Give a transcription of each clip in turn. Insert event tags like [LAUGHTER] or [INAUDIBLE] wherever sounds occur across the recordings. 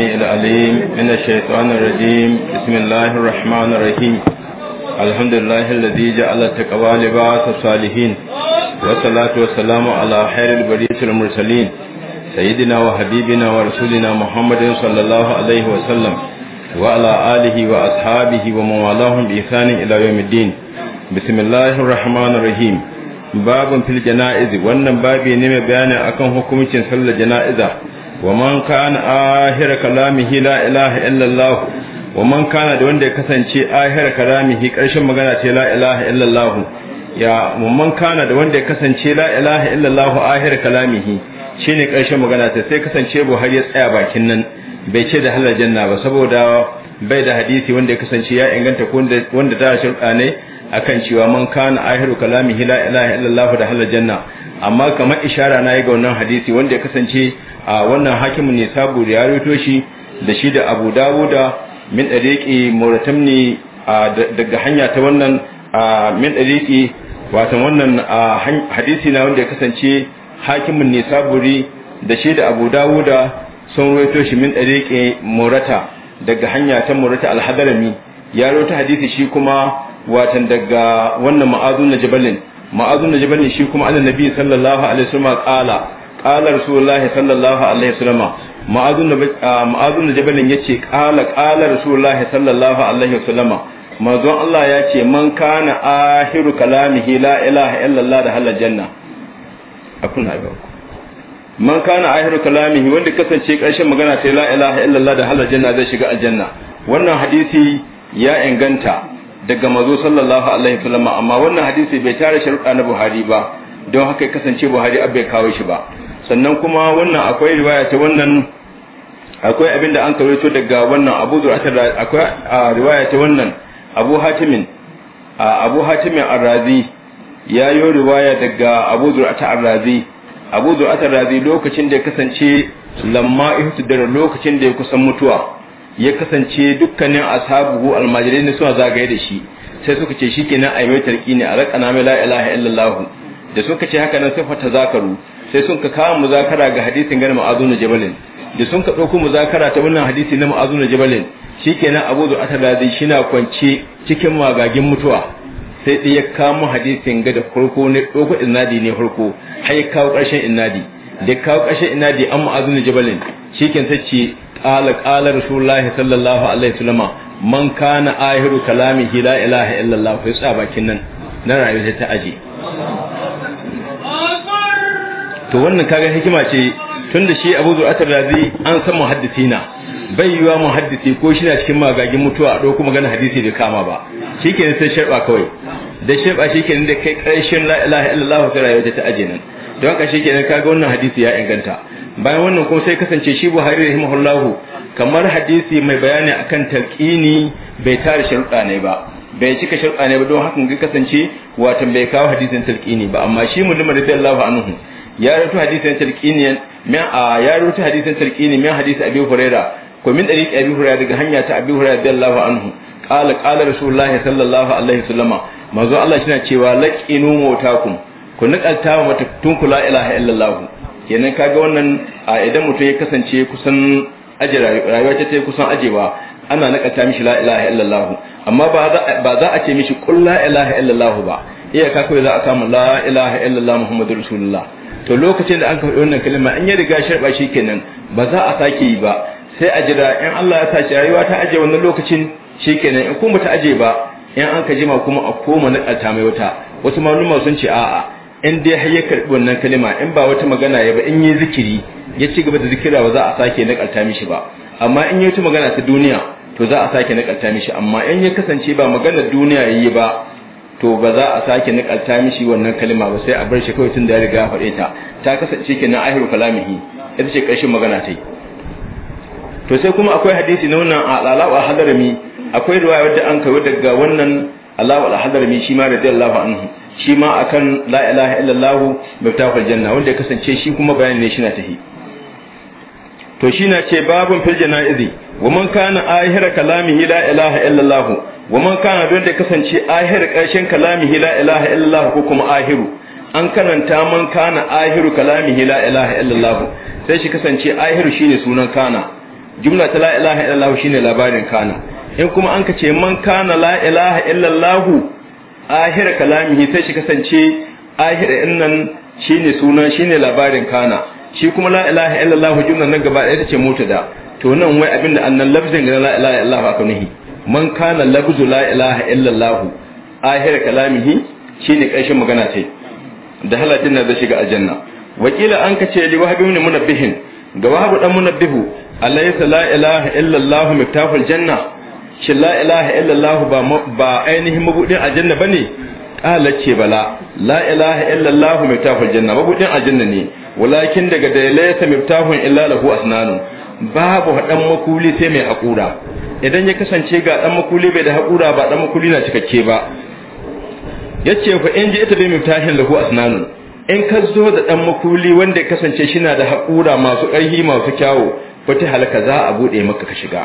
العليم من الشيطان الرجيم بسم الله الرحمن الرحيم الحمد لله الذي جعل التقوى لباس الصالحين والصلاة والسلام على خير البرية المرسلين سيدنا وحبيبنا ورسولنا محمد صلى الله عليه وسلم وعلى آله وأصحابه ومن والاهم بإحسان إلى يوم الدين بسم الله الرحمن الرحيم باب في الجنائز وأن بابي نمي بيانا أكن حكم صلى الجنائزة ومن كان آخر كلامه لا إله إلا الله ومن كان دون ده كسانشي آخر كلامه كرشن مغانا لا إله إلا الله ya mumman kana da wanda ya kasance la ilaha illallah ahir kalamihi shine karshen magana ta sai kasance بو ya tsaya bakin nan bai ce da halal janna ba saboda bai da hadisi wanda ya kasance ya inganta wanda ta shirka ne akan cewa man kana ahiru kalamihi la ilaha illallah da halal janna amma kamar ishara na yi ga wannan hadisi wanda ya kasance a wannan hakimu ne sabu da ya rito shi da shi da abu da min ɗariƙi ne daga hanya ta wannan min ɗariƙi watan wannan hadisi na wanda ya kasance hakimin ne saburi da shi da abu da sun rito shi min ɗariƙi murata daga hanya ta murata alhadarami ya rota hadisi shi kuma watan daga wannan ma'azun na jabalin ma'azun da jabal shi kuma annan nabi sallallahu alaihi wasallam qala qala rasulullahi sallallahu alaihi wasallam ma'azun da ma'azun da jabal yace qala qala rasulullahi sallallahu alaihi wasallam manzon Allah ya ce man kana ahiru kalamihi la ilaha illallah da halal janna ga ku man kana ahiru kalamihi wanda kasance karshen magana sai la ilaha illallah da halal janna zai shiga aljanna wannan hadisi ya inganta daga mazo sallallahu alaihi wasallam amma wannan hadisi bai tare sharuɗa na Buhari ba don haka kasance Buhari bai kawo shi ba sannan kuma wannan akwai riwaya ta wannan akwai abin da an kawaito daga wannan Abu Zur'a akwai riwaya ta wannan Abu Hatimin Abu Hatimin Ar-Razi ya yi riwaya daga Abu Zur'a ta Ar-Razi Abu Zur'a ta Ar-Razi lokacin da ya kasance lamma da lokacin da ya kusan mutuwa ya kasance dukkanin ashabu almajirai ne suna zagaye da shi sai suka ce shikenan ai mai tarki ne a raqana mai la ilaha da suka ce haka nan sai fata zakaru sai sun ka kawo muzakara ga hadisin gani ma'azu na da sun ka ɗauko muzakara ta wannan hadisi na ma'azu na jabalin shikenan abu da shi na kwance cikin magagin mutuwa sai ya kamo hadisin ga da farko ne ɗauko na ne farko har ya kawo ƙarshen inadi. da kawo ina inadi amma azumin jibalin shikin ta ce ƙala ƙala rasulullahi sallallahu alaihi wasallam man kana ahiru kalami la ilaha illallah ku tsaya bakin nan na rayuwa ta aje to wannan kaga hikima ce tunda shi Abu Zur'atul Razi an san muhaddisina bai yiwa muhaddisi ko shi na cikin magagin mutuwa a dauko magana hadisi da kama ba shikenan sai sharba kawai da sharba shikenan da kai ƙarshen la ilaha illallah ta rayuwa ta aje nan don shi kenan kaga wannan hadisi ya inganta bayan wannan kuma sai kasance shi Buhari rahimahullahu kamar hadisi mai bayani akan talqini bai tare sharuɗa ne ba bai cika sharuɗa ne ba don haka ga kasance wato bai kawo hadisin talqini ba amma shi mulma radiyallahu anhu ya rutu hadisin talqini min a ya rutu hadisin talqini min hadisi Abi Huraira ko min dari Abi Huraira daga hanya ta Abi Huraira radiyallahu anhu qala qala rasulullahi sallallahu alaihi wasallama manzo Allah shi na cewa laqinu mutakum ku nakalta wa mata tun kula ilaha illallah kenan kaga wannan a idan mutum ya kasance kusan aje rayuwa ta ta kusan ajewa ana ta mishi la ilaha illallah amma ba za a ce mishi qul la ilaha illallah ba iya ka kawai za a samu la ilaha illallah muhammadur rasulullah to lokacin da an ka wannan kalma an yi riga sharba shi kenan ba za a sake yi ba sai a jira in Allah ya tashi rayuwa ta aje wannan lokacin shikenan in kuma ta aje ba in an ka jima kuma a koma na mai wata wasu maluma sun ce a'a in dai har ya karbi wannan kalima in ba wata magana ya ba in yi zikiri ya ci gaba da zikira ba za a sake nakalta mishi ba amma in yi wata magana ta duniya to za a sake nakalta mishi amma in ya kasance ba magana duniya yayi ba to ba za a sake nakalta mishi wannan kalima ba sai a bar shi kawai tun da ya riga faɗe ta ta kasance kenan ahiru kalamihi ita ce ƙarshen magana ta yi to sai kuma akwai hadisi na wannan alawa hadarami akwai ruwaya wadda an kawo daga wannan alawa hadarami shi ma radiyallahu anhu shi ma akan la ilaha illallah mabtahul janna wanda ya kasance shi kuma bayani ne shi na tahi to shi na ce babun fil janaizi wa man kana ahira kalamihi la ilaha illallah wa man kana don da kasance ahir karshen kalamihi la ilaha illallah ko kuma ahiru an kananta man kana ahiru kalamihi la ilaha illallah sai shi kasance ahiru shine sunan kana jumla ta la ilaha illallah shine labarin kana in kuma an ka ce man kana la ilaha illallah ahira kalamihi sai shi kasance ahira innan shine sunan shine labarin kana shi kuma la ilaha illallah jumlan nan gaba ɗaya tace mota da to nan wai abinda annan lafzin ga la ilaha illallah aka nuhi man kana lafzu la ilaha illallah ahira kalamihi shine ƙarshen magana ce da halatin nan zai shiga aljanna wakila an kace li wahabi min munabbihin ga wahabu dan munabbihu alaysa la ilaha illallah miftahul janna shin la ilaha illallah ba ba ainihin mabudin aljanna bane qala ce bala la ilaha illallah miftahul janna mabudin aljanna ne walakin daga da laysa miftahun illa lahu asnanu babu dan makuli sai mai hakura idan ya kasance ga dan makuli bai da hakura ba dan makuli na cikakke ba yace fa in ji ita bai miftahin lahu asnanu in ka zo da dan makuli wanda ya kasance shi na da hakura masu ƙarfi masu kyawu wata halaka za a bude maka ka shiga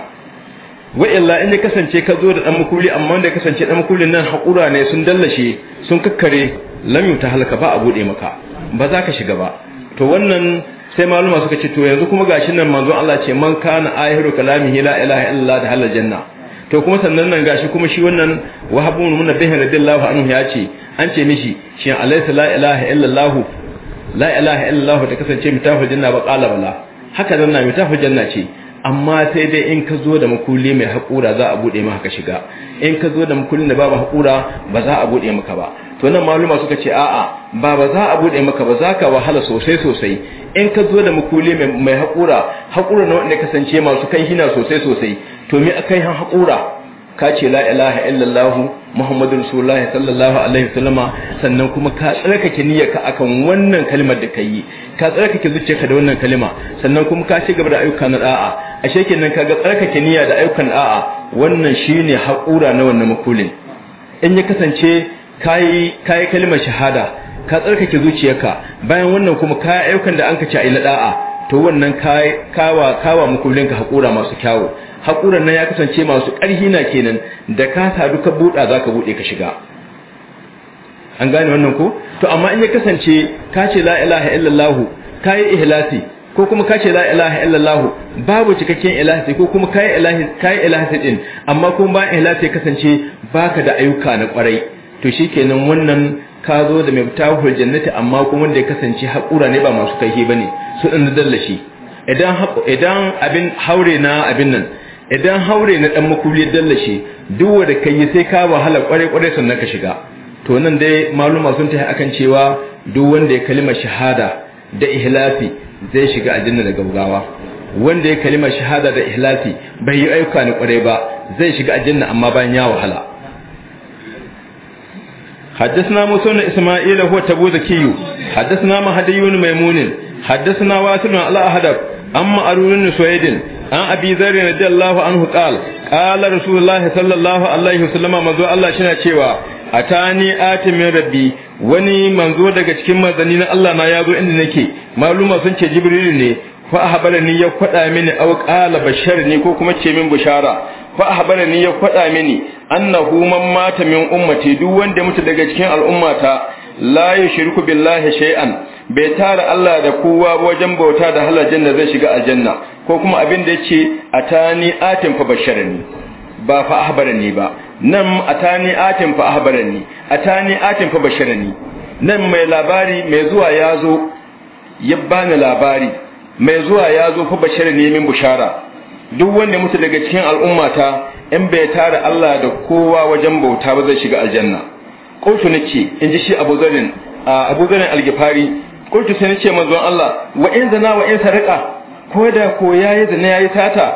wa illa in ya kasance ka zo da dan makuli amma wanda ya kasance dan makulin nan haƙura ne sun dallashe sun kakkare lam ta halaka ba a buɗe maka ba za ka shiga ba to wannan sai maluma suka ce to yanzu kuma gashi nan manzon Allah ce man kana ahiru kalamihi la ilaha illa da halal janna to kuma sannan nan gashi kuma shi wannan wahabun mun bihi radiyallahu anhu ya ce an ce mishi shi alaysa la ilaha allah la ilaha allah ta kasance mitafil janna ba qala bala haka nan na mitafil janna ce amma sai dai in ka zo da makulli mai haƙura za a buɗe maka ka shiga in ka zo da makulli da babu haƙura ba za a buɗe maka ba to nan maluma suka ce a'a ba ba za a buɗe maka ba za ka wahala sosai sosai in ka zo da makulli mai haƙura haƙura na wanda kasance masu kan hina sosai sosai to me akai han haƙura ka ce la ilaha illallah muhammadu rasulullahi sallallahu alaihi wasallama sannan kuma ka tsarkake niyyarka akan wannan kalmar da ka yi ka tsarkake zuciyarka da wannan kalma sannan kuma ka ci gaba da ayyuka na da'a ashe kenan kaga tsarkake niyya da ayyukan da'a wannan shine haƙura na wannan makulin in ya kasance kai kai kalmar shahada ka tsarkake zuciyarka bayan wannan kuma ka ayyukan da anka ci ayi na da'a to wannan kai kawa kawa makulinka ka haƙura masu kyawu haƙuran nan ya kasance masu ƙarfi na kenan da ka sadu ka buɗa za ka buɗe ka shiga an gane wannan ko to amma in ya kasance ka ce la ilaha illallah ka yi ihlasi ko kuma ka ce la ilaha illallah babu cikakken ihlasi ko kuma ka yi ilahi ka yi ilahi din amma kuma ba ihlasi ya kasance baka da ayyuka na kwarai to shikenan wannan ka zo da mai tawhul jannati amma kuma wanda ya kasance haƙura ne ba masu kaihi bane su dan dallashi idan idan abin haure na abin nan idan haure na dan makulli dallashe duk wanda kai sai ka wahala kware kware sannan ka shiga to nan dai maluma sun tafi akan cewa duk wanda ya kalima shahada da ihlasi zai shiga aljanna da gaugawa wanda ya kalima shahada da ihlasi bai yi ayyuka ne kware ba zai shiga aljanna amma bayan ya wahala حدثنا موسى بن اسماعيل هو تبوذكي حدثنا مهدي بن ميمون حدثنا واسل على احد اما ارون بن an abi zarri radiyallahu anhu qal qala rasulullahi sallallahu alaihi wasallam manzo Allah shi a cewa atani min rabbi wani manzo daga cikin manzanni na Allah na yazo inda nake maluma sun ce jibril ne fa ahbarani ya kwada mini aw qala bashar ni ko kuma ce min bushara fa ahbarani ya kwada mini annahu man mata min ummati duk wanda mutu daga cikin al'ummata la yushriku billahi shay'an bai tara Allah da kowa wajen bauta da halajen da zai shiga aljanna ko kuma abin da yace atani atin fa basharani ba fa ahbarani ba nan atani atin fa ahbarani atani atin fa basharani nan mai labari mai zuwa ya zo ya bani labari mai zuwa ya zo fa basharani min bushara duk wanda mutu daga cikin al'ummata in bai tara Allah da kowa wajen bauta ba zai shiga aljanna qultu nace in ji shi Abu Zarin Abu kultu sai nace manzon Allah wa in zina wa in sarqa ko da ko yayi zina yayi sata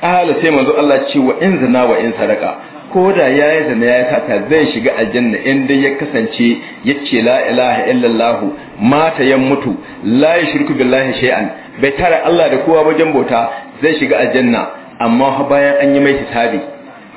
qala sai manzon Allah ce wa in zina wa in sarqa ko da yayi zina yayi sata zai shiga aljanna in dai ya kasance yace la ilaha illallah mata yan mutu la yushriku billahi shay'an bai tara Allah da kowa wajen bauta zai shiga aljanna amma bayan an yi mai hisabi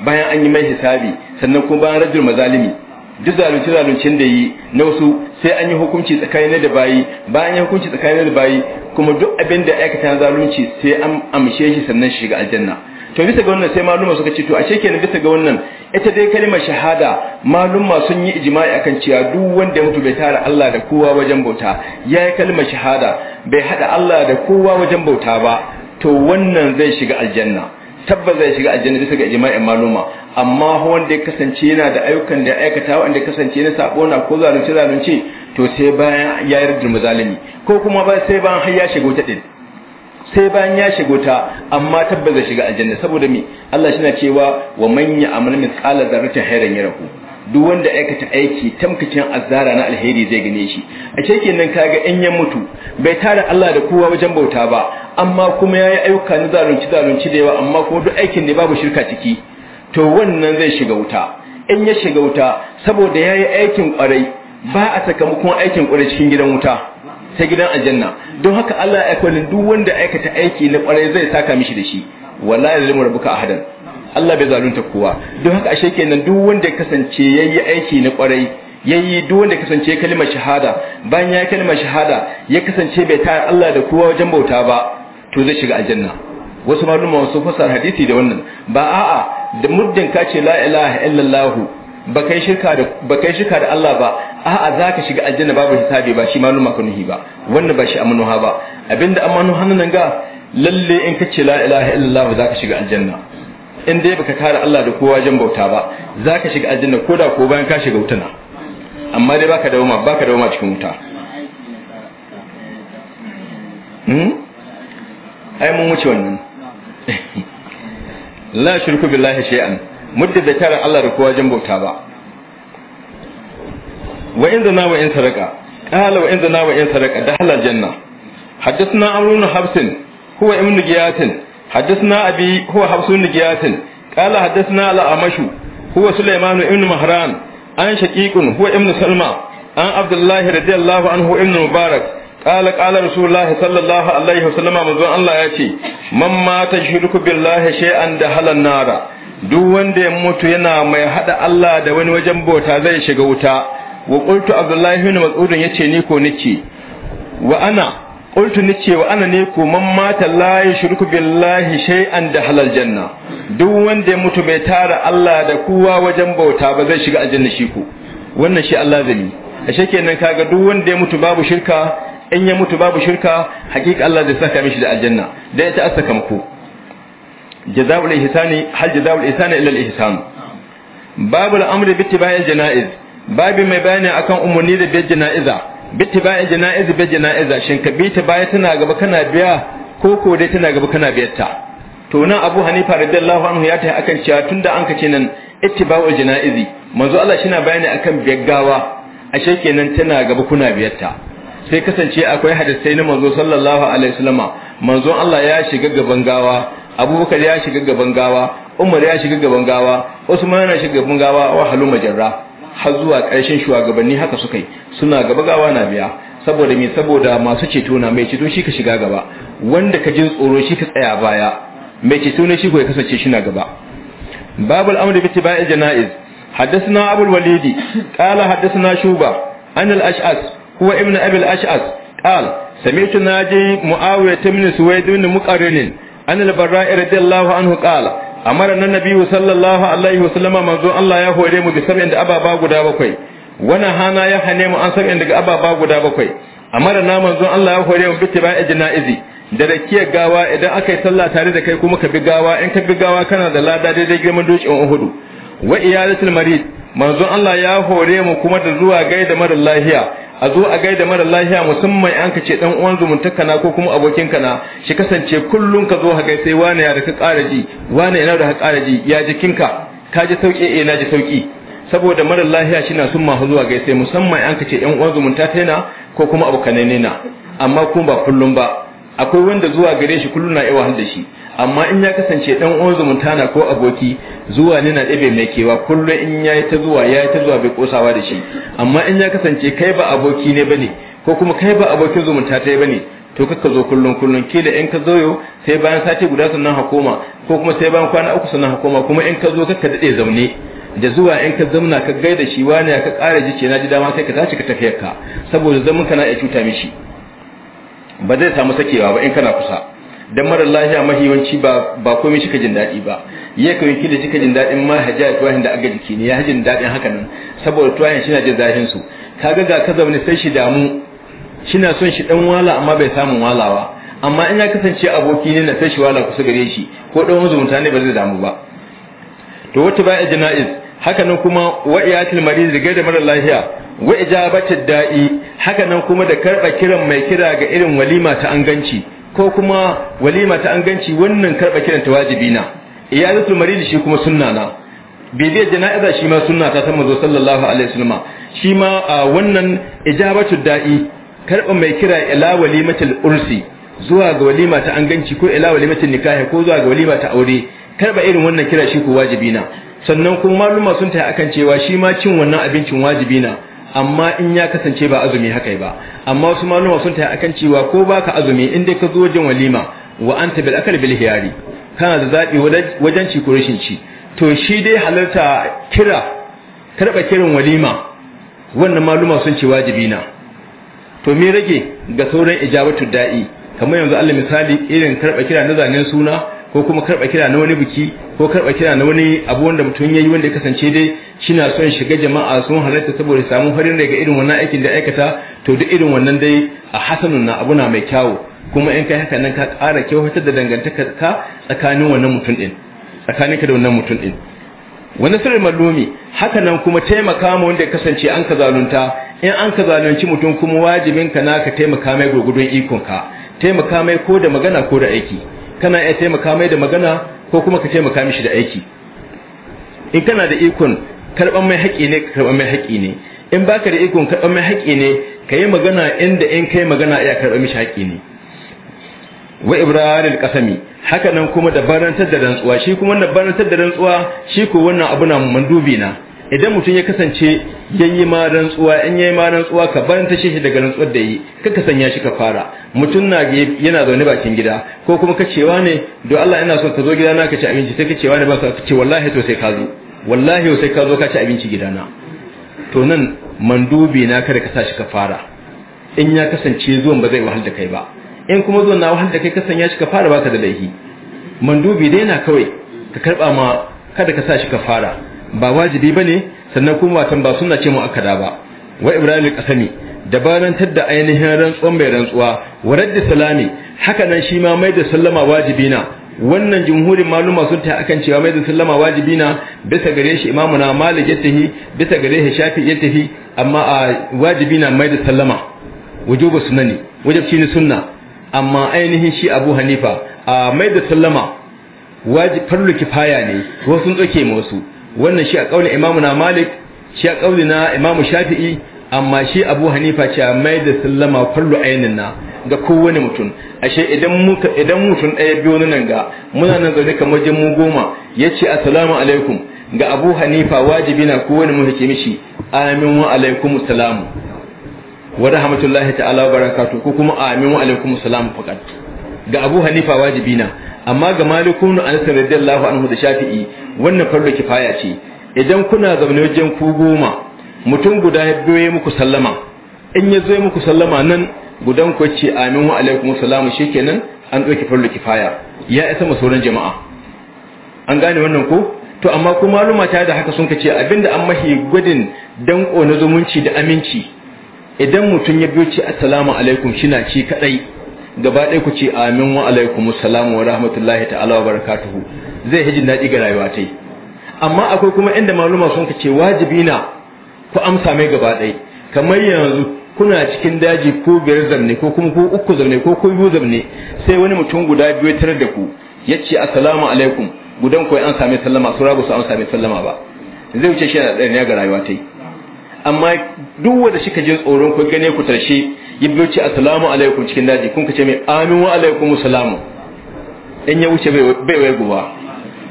bayan an yi mai hisabi sannan kuma bayan rajul mazalimi duk zalunci zaluncin da yi na wasu sai an yi hukunci tsakanin da bayi bayan yi hukunci tsakanin da bayi kuma duk abin da aikata na zalunci sai an amshe shi sannan shi shiga aljanna to bisa ga wannan sai maluma suka ce to ashe kenan bisa ga wannan ita dai kalmar shahada maluma sun yi ijma'i akan cewa duk wanda ya mutu bai tara Allah da kowa wajen bauta yayi kalmar shahada bai hada Allah da kowa wajen bauta ba to wannan zai shiga aljanna tabbas zai shiga aljanna bisa ga ijma'in maluma amma wanda ya kasance yana da ayyukan da ya aikata wanda ya kasance na sabo na ko zalunci zalunci to sai bayan ya yarda muzalimi ko kuma ba sai bayan har ya shiga wuta din sai bayan ya shiga wuta amma tabbas zai shiga aljanna saboda me Allah shi na cewa wa man ya'mal mithqala dharratin khairan yarahu duk wanda aikata aiki tamkacin azara na alheri zai gane shi a kenan nan kaga in ya mutu bai tara Allah da kowa wajen bauta ba amma kuma yayi ayyuka na zalunci zalunci da yawa amma kuma duk aikin ne babu shirka ciki to wannan zai shiga wuta in ya shiga wuta saboda yayi aikin kwarai ba a sakamakon aikin kwarai cikin gidan wuta ta gidan aljanna don haka Allah ya kwalin duk wanda aikata aiki na kwarai zai saka mishi da shi wallahi zai mu ahadan Allah bai zalunta kowa don haka ashe kenan duk wanda ya kasance yayi aiki na kwarai yayi duk wanda kasance kalmar shahada bayan ya kalmar shahada ya kasance bai tayar Allah da kowa wajen bauta ba to zai shiga aljanna wasu maluma sun fasara hadisi da wannan ba a'a da muddin ka ce la ilaha illallah ba kai shirka da ba kai shirka da Allah ba a'a zaka shiga aljanna babu hisabi ba shi ba nuhi ba wannan ba shi ha ba abinda amanuha nan ga lalle in ka ce la ilaha illallah zaka shiga aljanna in dai baka kare Allah da kowa jan bauta ba za ka shiga aljanna da ko bayan ka shiga wutana amma dai baka dawoma baka dawoma cikin wuta hmm ai mun wuce wannan [LAUGHS] la shirku billahi shay'an muddin da kare Allah da kowa jan bauta ba wa in zana wa in saraka qala wa in zana wa in saraka dakhala aljanna حدثنا عمرو بن حفص هو ابن جيات حدثنا أبي هو حفص بن جياس قال حدثنا الأعمش هو سليمان بن مهران عن شقيق هو ابن سلمى عن عبد الله رضي الله عنه ابن مبارك قال قال رسول الله صلى الله عليه وسلم manzon Allah ya ce man mata shirku billahi shay'an da halan nara duk wanda ya mutu yana mai hada Allah da wani wajen bauta zai shiga wuta wa qultu abdullahi ibn mas'ud yace ni ko nake wa ana qultu ni cewa ana ne ko man mata la yushriku billahi shay'an da halal janna duk wanda ya mutu bai tara Allah da kowa wajen bauta ba zai shiga aljanna shi ko wannan shi Allah zami ashe kenan kaga duk wanda ya mutu babu shirka in ya mutu babu shirka hakika Allah zai saka mishi da aljanna da ita asaka muku jazaul ihsani hal jazaul ihsani illa al ihsan babul amri bi al janaiz babi mai bayani akan umurni da bi jana'iza bitti bayan jana'iz bi jana'iza shin ka ta baya tana gaba kana biya ko ko dai tana gaba kana biyar ta to nan Abu Hanifa radiyallahu anhu ya ta akan cewa tunda an kace nan ittiba'u jana'izi manzo Allah shi na bayani akan biyaggawa ashe kenan tana gaba kuna biyar ta sai kasance akwai hadisai na manzo sallallahu alaihi wasallama manzo Allah ya shiga gaban gawa Abubakar ya shiga gaban gawa Umar ya shiga gaban gawa Usman ya shiga gaban gawa wa halu majarra har zuwa ƙarshen shugabanni haka suka yi suna gaba gawa na biya saboda mai saboda masu ceto na mai ceto shi ka shiga gaba wanda ka jin tsoro shi ka tsaya baya mai ceto ne shi ko ya kasance shi na gaba babu al'amuri bi tibai janaiz haddathana abul walidi qala haddathana shuba an al ash'as huwa ibn abi al ash'as qala sami'tu naji muawiya ibn suwaid ibn muqarrin an al bara'i radiyallahu anhu qala amara nan nabiyu sallallahu alaihi wasallama manzo Allah ya hore mu bi sab'in da ababa guda bakwai wannan hana ya hane mu an sab'in daga ababa guda bakwai amara nan manzo Allah ya hore mu bi tibai jana'izi da rakiyar gawa idan aka yi sallah tare da kai kuma ka bi gawa in ka bi gawa kana da lada daidai girman dutsen Uhudu wa iyalatul marid manzo Allah ya hore mu kuma da zuwa gaida mara lafiya a zo a gaida mara lahiya musamman an ka ce dan uwan zumuntaka na ko kuma abokin ka na shi kasance kullun ka zo haka sai wani ya da ka ƙara ji wani yana da ka ƙara ji ya jikinka ka ji sauki eh na ji sauki saboda mara lahiya shi na sun mahu zuwa gaisai musamman an ka ce yan uwan zumunta ta na ko kuma abokanai na amma kuma ba kullun ba akwai wanda zuwa gare shi kullun na iya wahal da shi amma in ya kasance dan uwan zumunta na ko aboki zuwa ne na ɗabe mai kewa kullum in yayi ta zuwa yayi ta zuwa bai kosawa da shi amma in ya kasance kai ba aboki ne bane ko kuma kai ba abokin zumunta ta bane to kaka zo kullum kullum da in ka yo sai bayan sati guda sannan hakoma ko kuma sai bayan kwana uku sannan hakoma kuma in ka zo kaka dade zaune da zuwa in ka zamna ka gaida shi wani ka ƙara ce na ji dama sai ka tashi ka tafiyar ka saboda zaman na ya cuta mishi ba zai samu sakewa ba in kana kusa dan marar lafiya mahiwanci ba ba komai shi ka jin daɗi ba ya kai ki da shi ka jin daɗin ma haja tuwahin da aga jiki ne ya jin daɗin haka nan saboda tuwahin shi na jin zafin su kaga ga ka zaune sai shi damu shi na son shi dan wala amma bai samu walawa amma in ya kasance aboki ne na sai shi wala kusa gare shi ko dan wanzu mutane ba zai damu ba to wata ba'a jana'iz haka nan kuma wa'iyatul mariz riga da marar lafiya wa ijabatu da'i haka nan kuma da karba kiran mai kira ga irin walima ta anganci ko kuma walima ta an ganci wannan karɓa kiran ta wajibi na iyalatul marid shi kuma sunna na bebe jana'iza shi ma sunna ta sama zo sallallahu alaihi wasallam shi ma wannan ijabatu da'i karɓa mai kira ila walimatul ursi zuwa ga walima ta an ganci ko ila walimatul nikahi ko zuwa ga walima ta aure karɓa irin wannan kira shi ko wajibi na sannan kuma maluma sun ta akan cewa shi ma cin wannan abincin wajibi na amma in ya kasance ba azumi haka ba amma wasu malama sun tayi akan cewa ko baka azumi in dai ka zo wajen walima wa anta bil akal bil hiyari kana da zabi wajen ci ko rashin ci to shi dai halarta kira karba kirin walima wannan maluma sun ce wajibi na to me rage ga sauran ijabatu da'i kamar yanzu Allah misali irin karba kira na zanen suna ko kuma karɓa kira na wani biki ko karɓa kira na wani abu wanda mutum ya yi wanda ya kasance dai shi na son shiga jama'a sun halarta saboda samun farin daga irin wannan aikin da aikata to duk irin wannan dai a hasanun na abuna mai kyawu kuma in kai haka nan ka ƙara kyautar da dangantaka ka tsakanin wannan mutum din tsakanin ka da wannan mutum din wani sirrin mallumi haka nan kuma taimaka ma wanda ya kasance an ka zalunta in an ka zalunci mutum kuma wajibin ka naka taimaka mai gurgudun ikon ka taimaka mai ko da magana ko da aiki kana iya taimaka mai da magana ko kuma ka taimaka mishi da aiki in kana da ikon karɓar mai haƙi ne karɓar mai haƙi ne in baka da ikon karɓar mai haƙi ne ka yi magana inda in kai magana iya karɓar mishi haƙi ne wa ibrahim Qasami, haka nan kuma da barantar da rantsuwa shi kuma da barantar da rantsuwa shi ko wannan abu na mandubi na idan mutum ya kasance yi ma rantsuwa in yayi ma rantsuwa ka ta shi daga rantsuwar da yi ka ka sanya shi ka fara mutum na yana zaune bakin gida ko kuma ka cewa ne don Allah ina son ka zo gidana ka ci abinci sai ka cewa ne ba ka ce wallahi to sai ka zo wallahi sai ka zo ka ci abinci gidana to nan mandubi na kada ka sa shi ka fara in ya kasance zuwan ba zai wahal da kai ba in kuma zuwan na wahal da kai ka sanya shi ka fara baka da laifi mandubi dai na kawai ka karba ma kada ka sa shi ka fara ba wajibi bane sannan kuma watan ba sunna ce mu akada ba wa ibrahim al-qasami banan tadda ainihin rantsuwan mai rantsuwa wa raddi salami haka nan shi ma mai da sallama wajibi na wannan jumhurin maluma sun ta akan cewa mai da sallama wajibi na bisa gare shi imamu na malik yatahi bisa gare shi shafi yatahi amma a wajibi na mai da sallama wujubu sunani wajibi ne sunna amma ainihin shi abu hanifa a mai da sallama wajibi farlu kifaya ne wasu tsoke mu wasu wannan shi a kaulin imamu na malik shi a kaulin na imamu shafi'i amma shi abu hanifa ce mai da sallama kullu ainin na ga kowane mutum ashe idan muka idan mutum ɗaya biyo nan ga muna nan zaune kamar jin mu goma yace assalamu alaikum ga abu hanifa wajibi na kowane mutum yake mishi amin wa alaikum assalamu wa rahmatullahi ta'ala wa barakatuh ko kuma amin wa alaikum assalam faqat ga abu hanifa wajibi na amma ga malikun anas radiyallahu anhu da shafi'i wannan farko kifaya ce idan kuna zaune wajen ku goma mutum guda ya biyo muku sallama in ya zo muku sallama nan gudan ku ce amin wa alaikum salamu shikenan an dauki farko kifaya ya isa masoran jama'a an gane wannan ko to amma ko maluma ta da haka sun kace abinda an mahi gudun danko na zumunci da aminci idan mutum ya biyo ce assalamu alaikum shina ci kadai gaba ɗaya ku ce amin wa alaikum salamu wa rahmatullahi ta'ala wa barakatuhu zai hijin daɗi ga rayuwa ta amma akwai kuma inda maluma sun ce wajibi na ku amsa mai gaba ɗaya kamar yanzu kuna cikin daji ko biyar zamne ko kuma ko uku zamne ko ko biyu zamne sai wani mutum guda biyu tare da ku ya ce assalamu alaikum gudan ku an sami sallama su rabu su an sami sallama ba zai wuce shi na ɗaya ga rayuwa ta yi amma duk wanda shi ka jin tsoron ku gane ku tarshe ya biyo ce assalamu alaikum cikin daji kun ka ce mai amin wa alaikum assalamu in ya wuce bai wai guba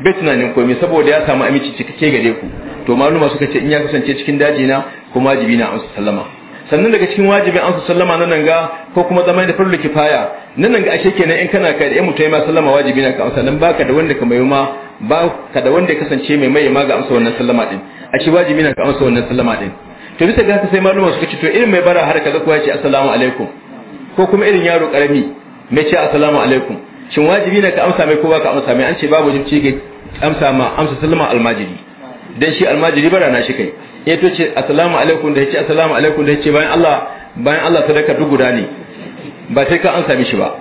bai tunanin komai saboda ya samu aminci cikakke gare ku to maluma suka ce in ya kasance cikin daji na kuma wajibi na amsa sallama sannan daga cikin wajibin amsa sallama nan nan ga ko kuma zama da farlu kifaya nan nan ga ashe kenan in kana kai da yan mutai ma sallama wajibi na ka amsa nan baka da wanda ka mai ma baka da wanda ya kasance mai mai ma ga amsa wannan sallama din ashe wajibi na ka amsa wannan sallama din to bisa ga sai maluma suka ce to irin mai bara har kaza kuwa ya ce assalamu alaikum ko kuma irin yaro karami mai ce assalamu alaikum shin wajibi ne ka amsa mai ko baka ka amsa mai an ce babu wajibci ga amsa ma amsa sallama almajiri dan shi almajiri bara na shi kai ya to ce assalamu alaikum da ya ce assalamu alaikum da ya ce bayan Allah bayan Allah sadaka duk guda ne ba sai ka amsa mishi ba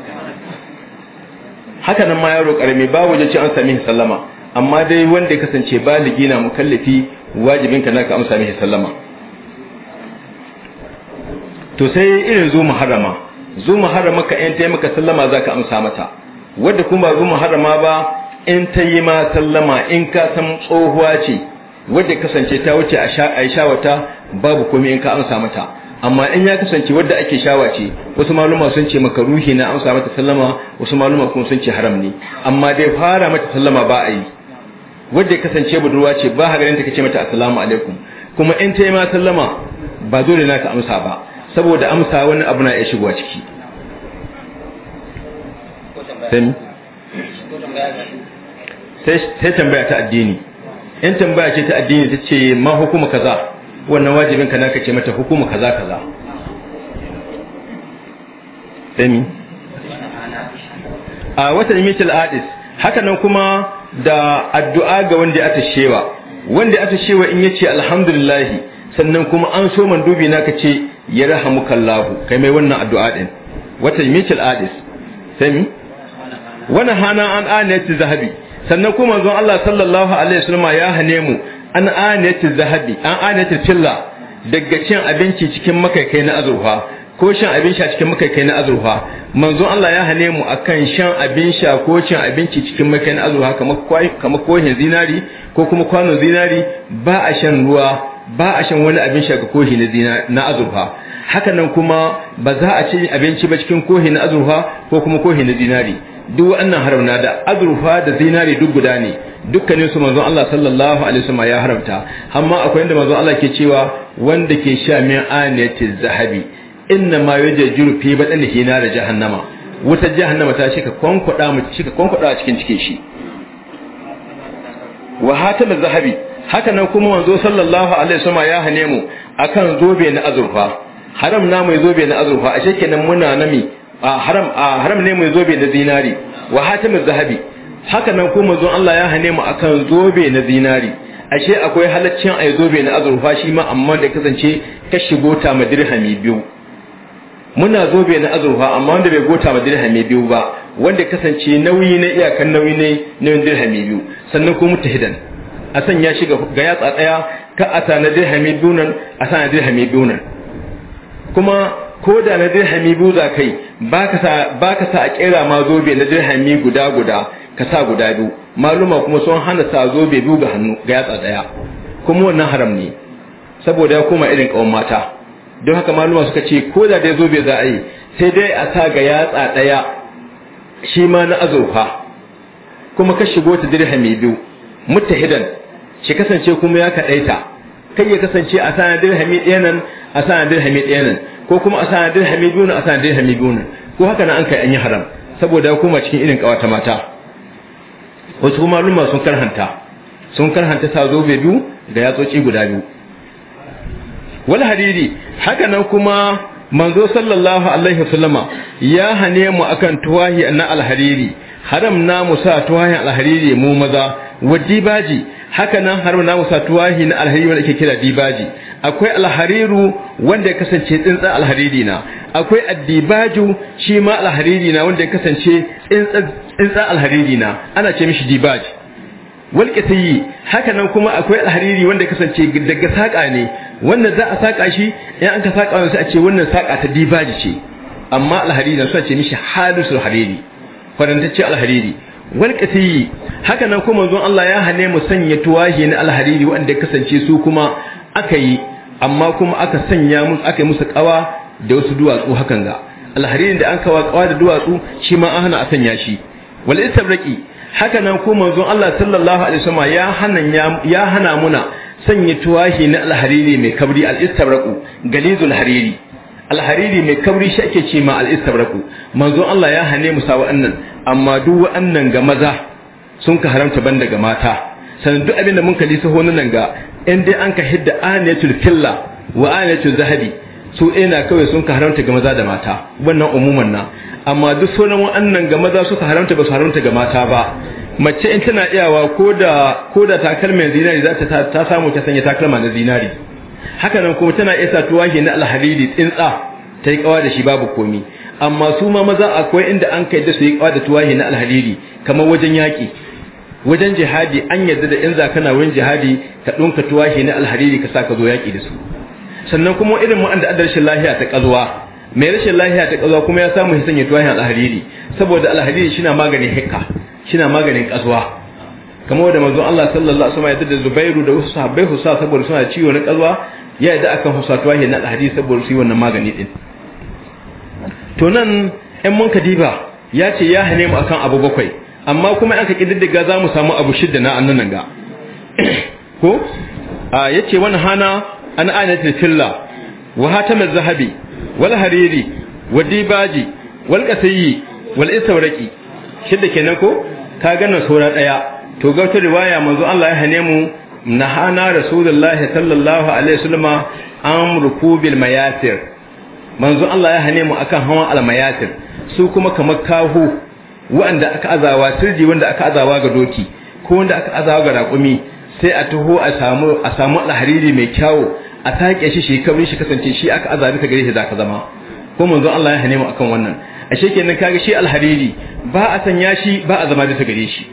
haka nan ma yaro karami babu wajen ce an sami sallama amma dai wanda ya kasance baligi na mukallafi wajibin ka ka amsa mishi sallama to sai irin zuwa harama. zuwa harama ka in tayi maka sallama zaka amsa mata wanda kuma zuwa harama ba in tayi ma sallama in ka san tsohuwa ce wanda kasance ta wuce a shawata babu komai in ka amsa mata amma in ya kasance wadda ake shawa ce wasu maluma sun ce maka ruhi na amsa mata sallama wasu maluma kuma sun ce haram ne amma dai fara mata sallama ba a yi wadda kasance budurwa ce ba ha ganin ta kace mata assalamu alaikum kuma in tayi ma sallama ba dole na ka amsa ba saboda amsa wani abu na iya shigowa ciki sai tambaya ta addini in tambaya ce ta addini ta ce ma hukuma kaza wannan wajibin ka naka ce mata hukuma kaza kaza sami a watan mitil adis haka nan kuma da addu'a ga wanda ya tashewa wanda ya tashewa in yace alhamdulillah sannan kuma an so mandubi dubi naka ce ya lahu kai mai wannan addu'a din wata mikil adis sai mi wani hana an aniyati zahabi sannan kuma zon Allah sallallahu alaihi wasallam ya hane mu an aniyati zahabi an aniyati filla daga cin abinci cikin makaikai na azurfa ko shan abin sha cikin makaikai na azurfa manzon Allah ya hane mu akan shan abin sha ko cin abinci cikin makaikai na azurfa kamar kamar kohin zinari ko kuma kwano zinari ba a shan ruwa ba a shan wani abin shaka ga kohi na azurfa hakanan kuma ba za a ci abinci ba cikin kohi na azurfa ko kuma kohi na zinari duk wannan haramna da azurfa da zinari duk guda ne dukkanin su manzon Allah sallallahu alaihi wasallam ya haramta amma akwai inda manzon Allah ke cewa wanda ke sha min aniyatiz zahabi inna ma yajjuru fi batnihi da jahannama wutar jahannama ta shika kwankwada mu shika kwankwada cikin cikin shi wa hatal zahabi haka nan kuma wanzo sallallahu alaihi wasallam ya hane mu akan zobe na azurfa haram na mai zobe na azurfa ashe kenan muna nami haram haram ne mai zobe na zinari wa hatimul zahabi haka nan kuma manzo Allah ya hane mu akan zobe na zinari ashe akwai halaccin ai zobe na azurfa shi ma amma da kasance ka shigo ta madirhami biyu muna zobe na azurfa amma wanda bai gota ma dirhami biyu ba wanda kasance nauyi na iyakan nauyi ne na dirhami biyu sannan kuma mutahidan a sanya shi ga yatsa ɗaya ka a tana dirhami dunan a tana dirhami dunan kuma ko da na dirhami buza kai ba ka sa a kera ma zobe na dirhami guda guda ka sa guda biyu maluma kuma sun hana sa zobe biyu ga hannu ga yatsa ɗaya kuma wannan haram ne saboda ya koma irin ƙawon mata don haka maluma suka ce ko da dai zobe za a yi sai dai a sa ga yatsa ɗaya shi ma na azurfa kuma ka shigo ta dirhami biyu mutahidan shi kasance kuma ya ta, kai ya kasance a sana dirhami ɗaya nan a sana dirhami ɗaya nan ko kuma a sana dirhami biyu nan a sana dirhami biyu nan ko haka nan an kai an yi haram saboda ya koma cikin irin kawata mata wasu kuma luma sun karhanta sun karhanta sa zobe biyu da yatsoci guda biyu wal hariri haka nan kuma manzo sallallahu alaihi wasallama ya hane mu akan tuwahi na alhariri haram na musa tuwahi alhariri mu maza wadi baji haka nan har na musa tuwahi na alhariri wanda ake kira dibaji akwai alhariru wanda ya kasance tsintsan alhariri na akwai addibaju shi ma alhariri na wanda ya kasance tsintsan alhariri na ana ce mishi dibaji wal hakanan haka nan kuma akwai alhariri wanda ya kasance daga saƙa ne wannan za a saƙa shi in an ka saƙa wannan sai a ce wannan saƙa ta dibaji ce amma alhariri na suna ce mishi halisul hariri farantacce alhariri wal qati haka nan kuma manzon Allah ya hane mu sanya tuwahi na alhariri wanda ya kasance su kuma aka yi amma kuma aka sanya musu aka yi musu kawa da wasu duwatsu hakan ga alhariri da an kawa kawa da duwatsu shi ma an hana a sanya shi wal istabraqi haka nan kuma manzon Allah sallallahu alaihi wasallam ya hana ya hana muna sanya tuwahi na alhariri mai kabri al istabraqu galizul hariri alhariri mai kauri shi ake ce ma al'istabraku manzo Allah ya hane mu sa wa'annan amma duk wa'annan ga maza sun ka haramta ban daga mata sanin duk abin da mun kalli saho nan ga in dai an ka hidda anatul filla wa anatul zahabi su ina kawai sun ka haramta ga maza da mata wannan umuman na amma duk sonan wa'annan ga maza suka haramta ba su haramta ga mata ba mace in tana iyawa koda koda ko da takalmin zinari za ta samu ta sanya takalma na zinari haka nan kuma tana isa tuwa shi na alhariri tsintsa ta yi kawa da shi babu komi amma su ma maza akwai inda an kai da su yi kawa da tuwahi na alhariri kamar wajen yaƙi wajen jihadi an yarda da in za kana wurin jihadi ka ɗunka tuwahi na alhariri ka sa ka zo yaƙi da su sannan kuma irin mu da rashin lahiya ta ƙazuwa mai rashin lahiya ta ƙazuwa kuma ya samu sanya ya tuwahi alhariri saboda alhariri shi na maganin hikka shi na maganin ƙazuwa kamar da manzon Allah sallallahu alaihi wasallam ya tada Zubairu da wasu sahabbai husa saboda suna ciwo na kalwa ya yadda akan husatuwa ne na hadisi saboda su yi wannan magani din to nan ɗan mun kadiba ya ce ya hane mu akan abu bakwai amma kuma an ka kididdiga za mu samu abu shidda na annan ga [COUGHS] ko a yace wani hana an ta filla wa zahabi wal hariri wa dibaji wal qasiyi wal istawraki shidda kenan ko ka gana sura daya to ga ta riwaya manzo Allah ya hane mu nahana rasulullahi sallallahu alaihi wasallam an rukubil mayatir manzo Allah ya hane mu akan hawan mayatir su kuma kamar kahu wanda aka azawa turji wanda aka azawa ga doki ko wanda aka azawa ga raƙumi sai a taho a samu a samu alhariri mai kyau a take shi shi kamar shi kasance shi aka azabi ka gare shi zaka zama ko manzo Allah ya hane mu akan wannan ashe kenan kaga shi alhariri ba a sanya shi ba a zama ta gare shi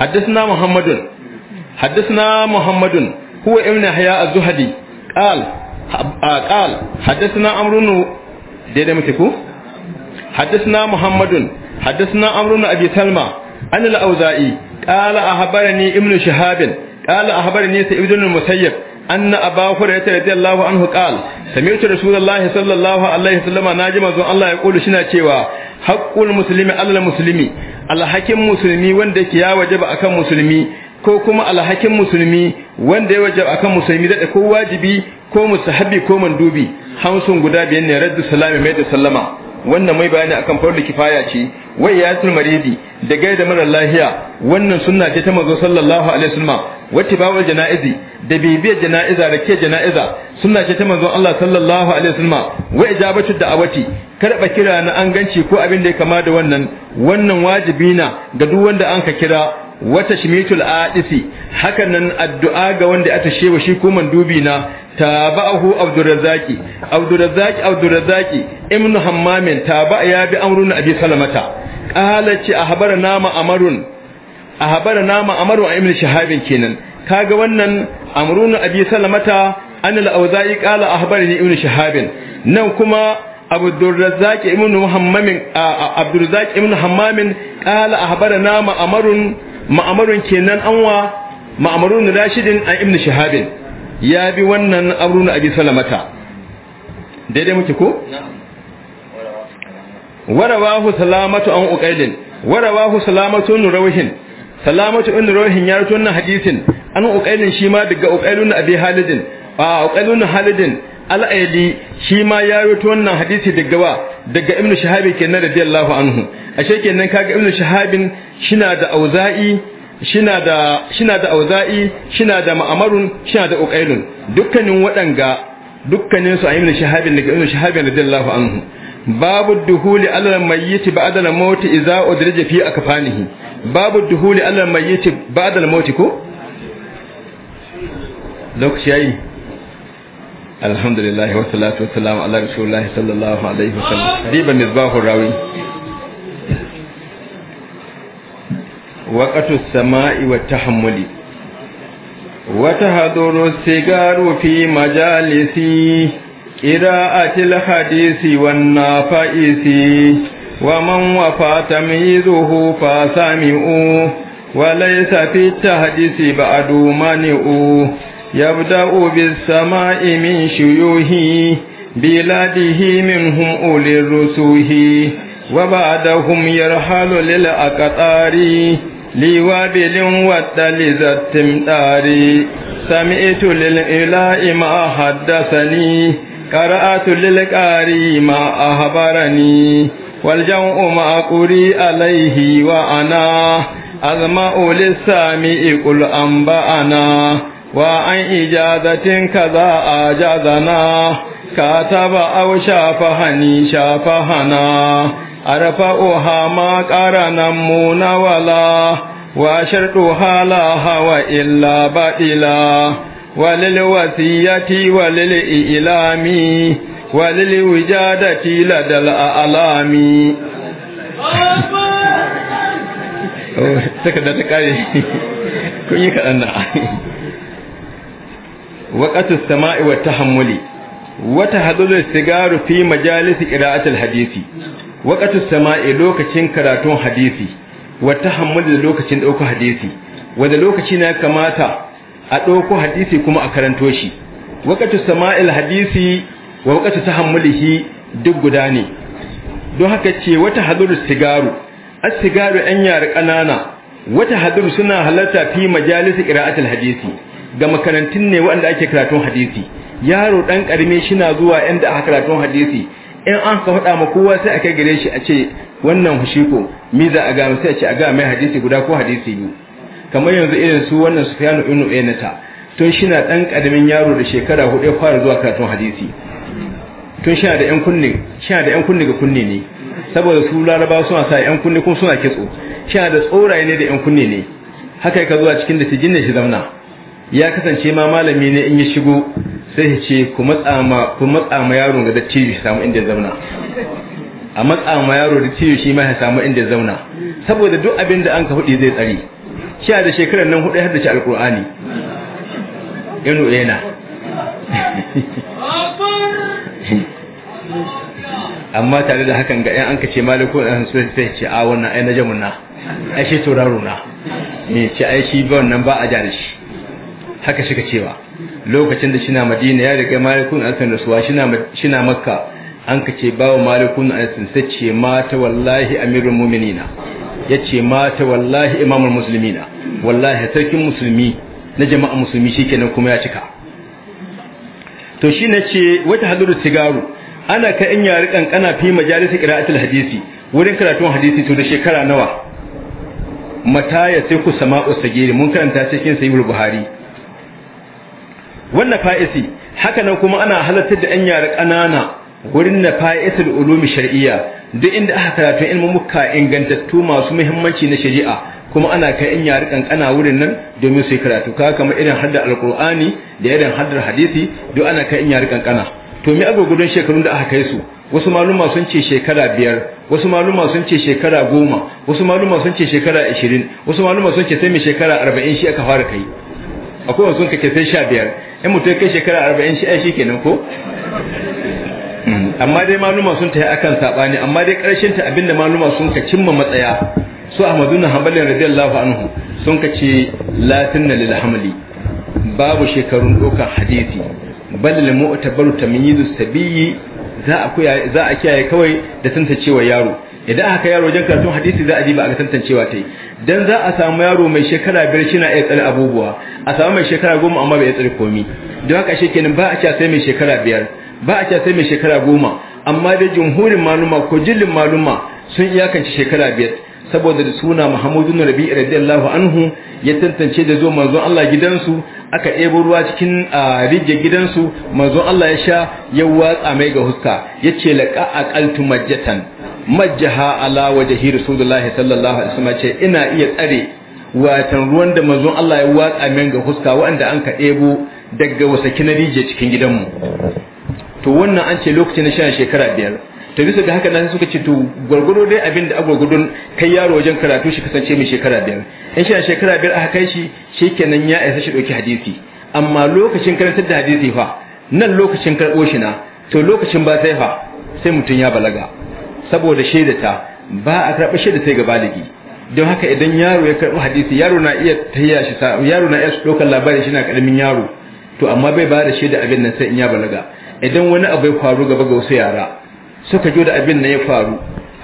حدثنا محمد حدثنا محمد هو ابن حياء الزهدي قال قال حدثنا عمرو ديدا متكو حدثنا محمد حدثنا عمرو بن ابي سلمى عن الاوزاعي قال اخبرني ابن شهاب قال اخبرني سعيد بن المسيب أن أبا هريرة رضي الله عنه قال سمعت رسول الله صلى الله عليه وسلم ناجما زون الله يقول شنا cewa haqqul muslimi alal muslimi alhakin musulmi wanda ke ya wajaba akan musulmi ko kuma alhakin musulmi wanda ya wajaba akan musulmi da ko wajibi ko mustahabi ko mandubi hamsun guda biyan ne raddu salami mai da sallama wannan mai bayani akan fardu kifaya ce wai yasul maridi da gaida mara lahiya wannan sunna ce ta manzo sallallahu alaihi wasallam wata bawal janaizi da bibiyar janaiza da ke janaiza sunna ce ta manzo Allah sallallahu alaihi wasallam wai ijabatu da'awati karba kira na an ganci ko abin da ya kama da wannan wannan wajibi na ga duk wanda an ka kira wa tashmitul adisi hakan nan addu'a ga wanda aka shewa shi ko mandubi na tabahu abdurrazzaqi abdurrazzaqi abdurrazzaqi ibn hammamin taba ya bi amrun abi salamata qala ci ahbara nama amrun ahbara nama amru ibn shahabin kenan kaga wannan amrun abi salamata an al awzai qala ahbarani ibn shahabin nan kuma abdurrazzaqi ibn muhammamin abdurrazzaqi ibn hammamin qala ahbara nama amarun ma'amarin kenan anwa ma'amarun rashidin an ibn shahabin ya bi wannan amrun abi salamata daidai muke ko warawahu salamatu an uqailin warawahu salamatu nu rauhin salamatu ibn rawihin ya rawaito wannan hadisin an uqailin shi ma daga uqailun abi halidin a uqailun halidin al'aili shi ma ya rawaito wannan hadisi daga wa daga ibn shahabi kenan radiyallahu anhu ashe kenan kaga ibn shahabin shina da auza'i shina da shina da auza'i shina da ma'amarun shina da uqailun dukkanin wadanga dukkanin su ayyul shahabin da ibn shahabin radiyallahu anhu babu duhuli alal mayyit ba'da al-maut idza udrija fi akfanihi babu duhuli alal mayyit ba'da al-maut ko lokaci yayi alhamdulillah wa salatu wa salam ala rasulillah sallallahu alaihi wasallam diban misbahu rawi waƙatu sama’i wa ta hamuli wata hadoro sigaru fi majalisi ƙira a tilhadisi wanna fa’isi wa man wafa ta mizuhu fa sami’u wa laisa fi ta hadisi ba a domani’u ya buda obi sama’i min shiyohi biladihi min hun’olin rusuhi wa ba da hum yar halulila a liwabilin wata lizattin ɗari sami ito lil'ila'i ma a haddasa ni ƙara'atu lil'ƙari ma a habara ni waljan umu a ƙuri alaihi wa ana azma'u lissami ikul wa an ijazatin ka za a jazana ka taba au shafa hani أرفعها ما قارن مون ولا وأشرتها لا هوى إلا بإلا وللوصية وللإعلام وللوجادة لدى الأعلام takarda ta kare kun yi kaɗan na waƙatu sama'i wata sigaru fi majalisi ƙira'atul hadisi waqatu sama'i lokacin karatun hadisi wa tahammulu lokacin dauko hadisi wanda lokaci na kamata a dauko hadisi kuma a karanto shi waqatu sama'il hadisi wa waqatu tahammulihi duk guda ne don haka ce wata haduru sigaru as-sigaru an yar kanana wata haduru suna halarta fi majalisi qira'atul hadisi ga makarantun ne wanda ake karatun hadisi yaro dan karme na zuwa inda aka karatun hadisi in an ka faɗa ma kowa sai a kai gare shi a ce wannan hushiko mi za a gama sai a ce a gama mai hadisi guda ko hadisi biyu kamar yanzu irin su wannan sufyanu ibnu uyaynata tun shi na ɗan ƙadamin yaro da shekara hudu ya fara zuwa karatun hadisi tun shi da kunne shi da yan kunne ga kunne ne saboda su laraba suna sa yan kunne kuma suna kitso shi da tsoraye ne da yan kunne ne haka ka zuwa cikin da tijin da shi zamna ya kasance ma malami ne in ya shigo sai ya ce ku matsa ma yaro ga dattijo ya samu inda ya zauna a matsa ma yaro tv shi ma ya samu inda ya zauna saboda duk abin da an ka hudi zai tsari shi da shekarar nan hudu har da shi alkur'ani yanu yana [LAUGHS] amma tare da hakan ga 'yan an kace malikun da su sai ce a wannan ai na jamuna ai shi tauraro na ne ce ai shi ba wannan ba a jarishi haka shi cewa lokacin da shi na madina ya riga malikun anasin rasuwa shi makka an ka ce bawa malikun alfin sai ce mata wallahi amirin muminina ya ce mata wallahi imamun musulmina wallahi sarkin musulmi na jama'a musulmi shi kenan kuma ya cika to shi na ce wata hadurus sigaru ana ka in yari kankana fi majalisa kira'atul hadisi wurin karatun hadisi to da shekara nawa mataya sai ku sama'u sagiri mun karanta cikin sahihul buhari wannan fa'isi haka nan kuma ana halartar da yan yare ƙanana wurin na fa'isul ulumi shar'iyya duk inda aka karatu ilmin muka ingantattu masu muhimmanci na shari'a kuma ana kai in yari kankana wurin nan domin su yi karatu ka kamar irin haddar alqur'ani da irin haddar hadisi duk ana kai in yari kankana to me abu gudun shekarun da aka kai su wasu maluma sun ce shekara biyar wasu maluma sun ce shekara goma wasu maluma sun ce shekara ashirin wasu maluma sun ce sai mai shekara arba'in shi aka fara kai akwai wasu kake sai sha biyar in mutum kai shekara arba'in shi shi kenan ko mm. amma dai maluma sun yi akan saɓani amma dai ƙarshen ta abinda maluma sun ka cimma matsaya su ahmadu na hanbalin radiyallahu anhu sun ka ce latinna lil hamli babu shekarun ɗaukar hadisi bal lil mu'tabaru ta sabiyyi za a za a kiyaye kawai da tantancewa yaro idan aka yaro wajen karatun hadisi za a diba a tantancewa ta yi dan za a samu yaro mai shekara biyar shi na iya abubuwa a samu mai shekara goma amma bai tsare komi don haka shi kenan ba a cewa sai mai shekara biyar ba a cewa sai mai shekara goma amma dai jumhurin maluma ko jillin maluma sun iyakance shekara biyar saboda da suna Muhammadu bin Rabi radiyallahu anhu ya tantance da zo manzo Allah gidansu aka ɗebo ruwa cikin rijiyar gidansu manzo Allah ya sha ya watsa mai ga huska yace laqa aqaltu majjatan majjaha ala wajhi rasulullahi sallallahu alaihi wasallam ce ina iya tsare watan ruwan da mazun Allah ya watsa min ga huska wanda an ka ɗebo daga wasa kinarije cikin gidanmu to wannan an ce lokacin na shan shekara biyar to bisa ga haka nan suka ce to gwargwado dai abin da agwargwadon kai yaro wajen karatu shi kasance mai shekara biyar in shan shekara biyar aka kai shi shikenan ya isa shi ɗauki hadisi amma lokacin karantar da hadisi fa nan lokacin karɓo shi na to lokacin ba sai fa sai mutum ya balaga saboda shaidata ba a karɓi shaida sai ga baligi don haka idan yaro ya karɓi hadisi yaro na iya tahiya shi yaro na iya ɗaukar labari shi na ƙaramin yaro to amma bai ba da shaida abin nan sai in ya balaga idan wani abu ya faru gaba ga wasu yara suka jo da abin nan ya faru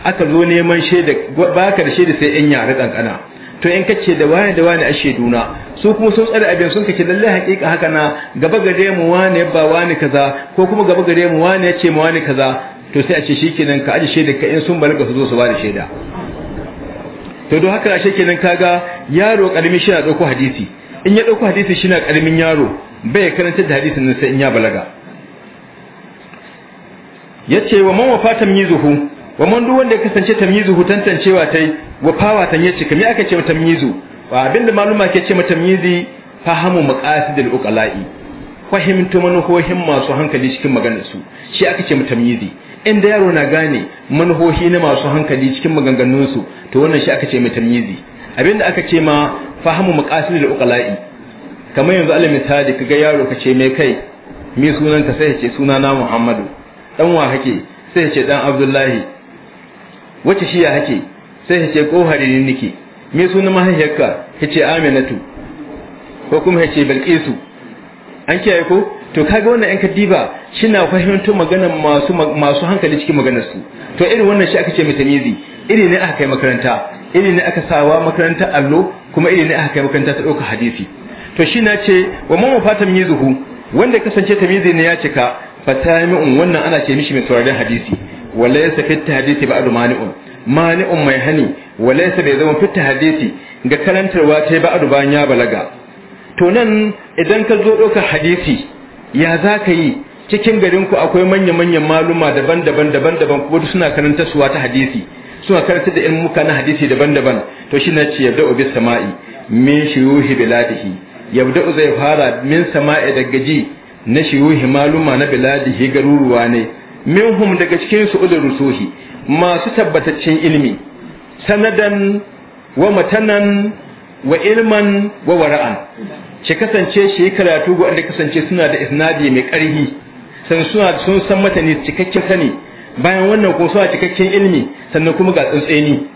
aka zo neman shaida ba ka da shaida sai in yara kankana to in kace da wani da wani a shaiduna su kuma sun tsare abin sun kace lallai haƙiƙa haka na gaba gare mu wani ba wani kaza ko kuma gaba gare mu wani ya ce mu wani kaza to sai a ce shikenan ka aje shaida ka in sun balaga su zo su ba da shaida to don haka ashe kenan kaga yaro karami shi na dauko hadisi in ya dauko hadisi shi na karamin yaro bai karanta da hadisin nan sai in ya balaga yace wa man wafa tamyizuhu wa man duk wanda ya kasance tamyizuhu tantancewa tai fawa tan yace kamar aka ce tamyizu wa abinda maluma ke ce tamyizi fahamu maqasidul uqala'i fahimtu manuhohin masu hankali cikin maganar su shi aka ce tamyizi inda yaro na gane manhohi na masu hankali cikin maganganunsu to wannan shi aka ce mai tamyizi abinda aka ce ma fahimu maqasid da uqala'i kamar yanzu alal ka ga yaro ka ce mai kai me sunan ka sai ya ce sunana Muhammadu dan wa hake sai ya ce dan Abdullahi wace shi ya hake sai ya ce kohari niki? me sunan mahaifiyarka ka ce Aminatu ko kuma ya ce Bilqisu an kiyaye ko to kaga wannan yan kadiba shina fahimtar maganar masu hankali cikin maganarsu. to irin wannan shi aka ce mitamizi iri ne aka kai makaranta iri ne aka sawa makaranta allo kuma iri ne aka kai makaranta ta ɗauka hadisi to shi na ce wa mamma fatan mizuhu wanda kasance tamizi ne ya cika fatami'un wannan ana ce mishi mai sauraron hadisi wala yasa fitta hadisi ba'du mani'un mani'un mai hani wala yasa bai zama fita hadisi ga karantarwa ta ba bayan ya balaga to nan idan ka zo ɗaukar hadisi ya za ka yi cikin garinku akwai manya-manyan maluma daban-daban daban-daban wadda suna karanta suwa ta hadisi suna karanta da ilmu na hadisi daban-daban to shi na ce yabda ubi sama'i min shiyuhi biladihi yabda zai fara min sama'i da gaji na shiyuhi maluma na biladihi garuruwa ne minhum daga cikin su ulul rusuhi masu tabbataccen ilimi sanadan wa matanan wa ilman wa wara'an shi kasance shi karatu wanda kasance suna da isnadi mai ƙarfi san suna sun san matani cikakken sani bayan wannan ko suna cikakken ilmi sannan kuma ga tsantseni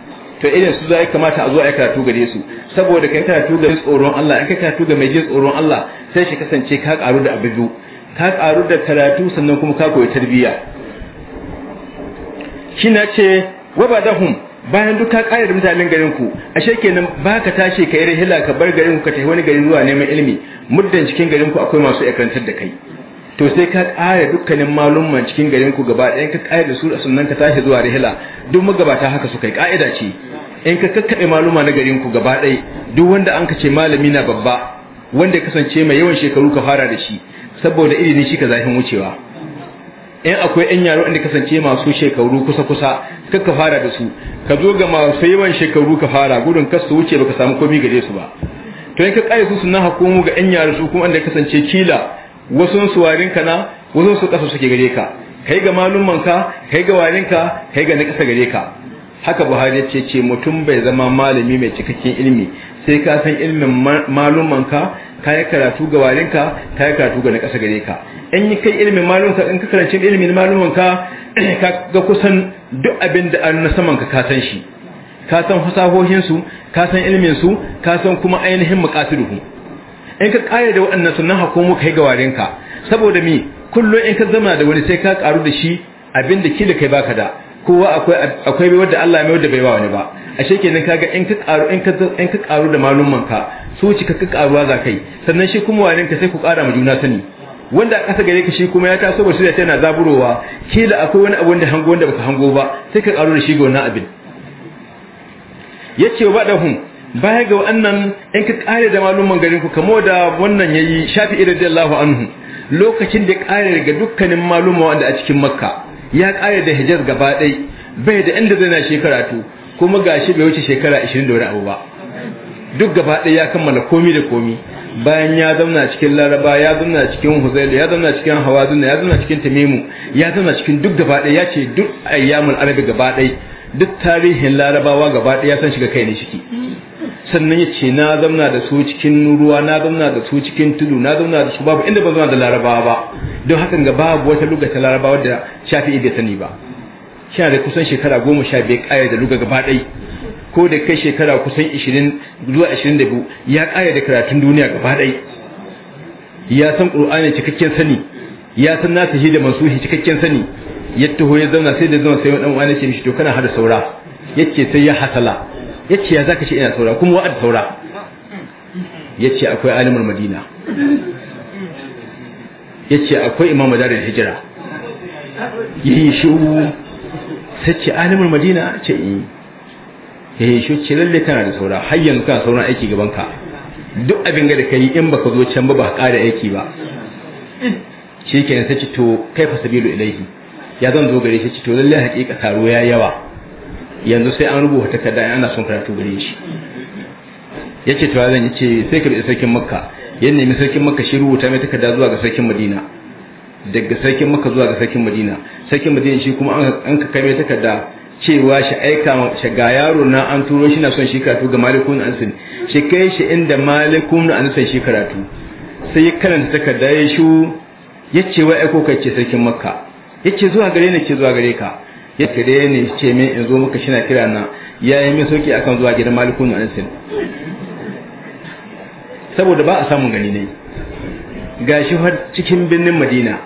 to irin su zai kamata a zo a karatu gare su saboda kai karatu ga tsoron Allah in kai karatu ga mai jin tsoron Allah sai shi kasance ka karu da abubu ka karu da karatu sannan kuma ka koyi tarbiyya shi na ce wabadahum bayan duk ka kare da mutanen garin ku ashe kenan baka tashi ka yi hila ka bar garin ku ka tafi wani garin zuwa neman ilimi muddan cikin garin ku akwai masu ikrantar da kai to sai ka kare dukkanin malumman cikin garin ku gaba ɗayan ka kare da su sannan ka tashi zuwa rihila duk magabata haka suka yi ka'ida ce in ka kakkaɓe maluma na garin ku gaba ɗaya duk wanda an ka ce malami na babba wanda ya kasance mai yawan shekaru ka fara da shi saboda ilimi shi ka zafin wucewa in akwai yan yaro inda kasance masu shekaru kusa kusa kakka fara da su ka zo ga masu yawan shekaru ka fara gudun kasu su wuce baka samu komi gare su ba to in ka kai su sunan hukumu ga yan yaro su kuma inda kasance kila wasu suwarin ka na wasu su kasa suke gare ka kai ga malumman ka kai ga warin ka kai ga na kasa gare ka haka buhari ya ce ce mutum bai zama malami mai cikakken ilimi sai ka san ilimin malumman ka ka yi karatu ga warinka ka yi karatu ga na ƙasa gare ka in yi kai ilimin malumanka in ka karanci ilimin malumanka [CLEARS THROAT] ka ga kusan duk abin da an na saman ka san shi ka san fasahohinsu ka san kasan ka san kuma ainihin muƙasiruhu in ka ƙare da waɗannan sunan hakomu ka yi ga warinka saboda mi kullum in ka zama da wani sai ka ƙaru da shi abin da kila kai baka da kowa akwai bai wadda Allah mai wadda bai ba wani ba a kenan kaga in ka karu in ka in ka karu da malumanka so ka karuwa za kai sannan shi kuma wani ka sai ku kara ma juna sani wanda a kasa gare ka shi kuma ya taso ba da tana zaburowa ke da akwai wani abu wanda hango wanda baka hango ba sai ka karo da shi ga wannan abin yace wa hun baya ga wannan in ka kare da malumman garin ku kamo da wannan yayi da radiyallahu anhu lokacin da kare daga dukkanin maluma wanda a cikin makka ya kare da hijaz gaba dai bai da inda zai na shekaratu kuma gashi bai wuce shekara 20 da wani abu ba duk gaba ɗaya ya kammala komi da komi bayan ya zauna cikin laraba ya zauna cikin huzail ya zauna cikin hawazuna ya zauna cikin tamimu ya zauna cikin duk gaba ɗaya ya ce duk ayyamul arabi gaba ɗaya duk tarihin larabawa gaba ɗaya ya san shiga kai ne ciki sannan ya ce na zauna da su cikin ruwa na zauna da su cikin tudu na zauna da su babu inda ba zauna da larabawa ba don hakan ga babu wata luga ta larabawa da shafi'i bai sani ba shi da kusan shekara goma sha biyar ƙayar da luga gaba ɗaya ko da kai shekara kusan 20 zuwa 22 ya ƙara da karatun duniya gaba ɗai ya san ƙur'ani cikakken sani ya san shi da mansuhi cikakken sani ya taho ya zauna sai da zama sai dan wani ce mishi to kana hada saura yace sai ya hasala yace ya zaka ce ina saura kuma wa'ad saura yace akwai alimul madina yace akwai imamu darul hijra yi shi sai ce alimul madina ce eh. eh shi ce lalle kana da saura har yanzu kana sauran aiki gaban ka duk abin da kai in baka zo can ba ba ka da aiki ba shi sai ce to kai fa sabilu ilaihi ya zan zo gare shi ce to lalle hakika taro ya yawa yanzu sai an rubuta takarda ana son karatu gare shi yace to zan yace sai ka bi sarkin makka ya nemi sarkin makka shi rubuta mai takarda zuwa ga sarkin madina daga sarkin makka zuwa ga sarkin madina sarkin madina shi kuma an ka kai mai takarda cewa shi aika shi ga yaro na an turo shi na son shi karatu ga malikun ansin shi kai shi inda malikun ansin shi karatu sai ya karanta takarda ya shu ya ce wa aiko kai ce sarkin makka ya ce zuwa gare ni ce zuwa gare ka ya ce da ne ce min in zo maka shi na kira na ya yi min sauki akan zuwa gidan malikun ansin saboda ba a samun gani ne gashi har cikin birnin madina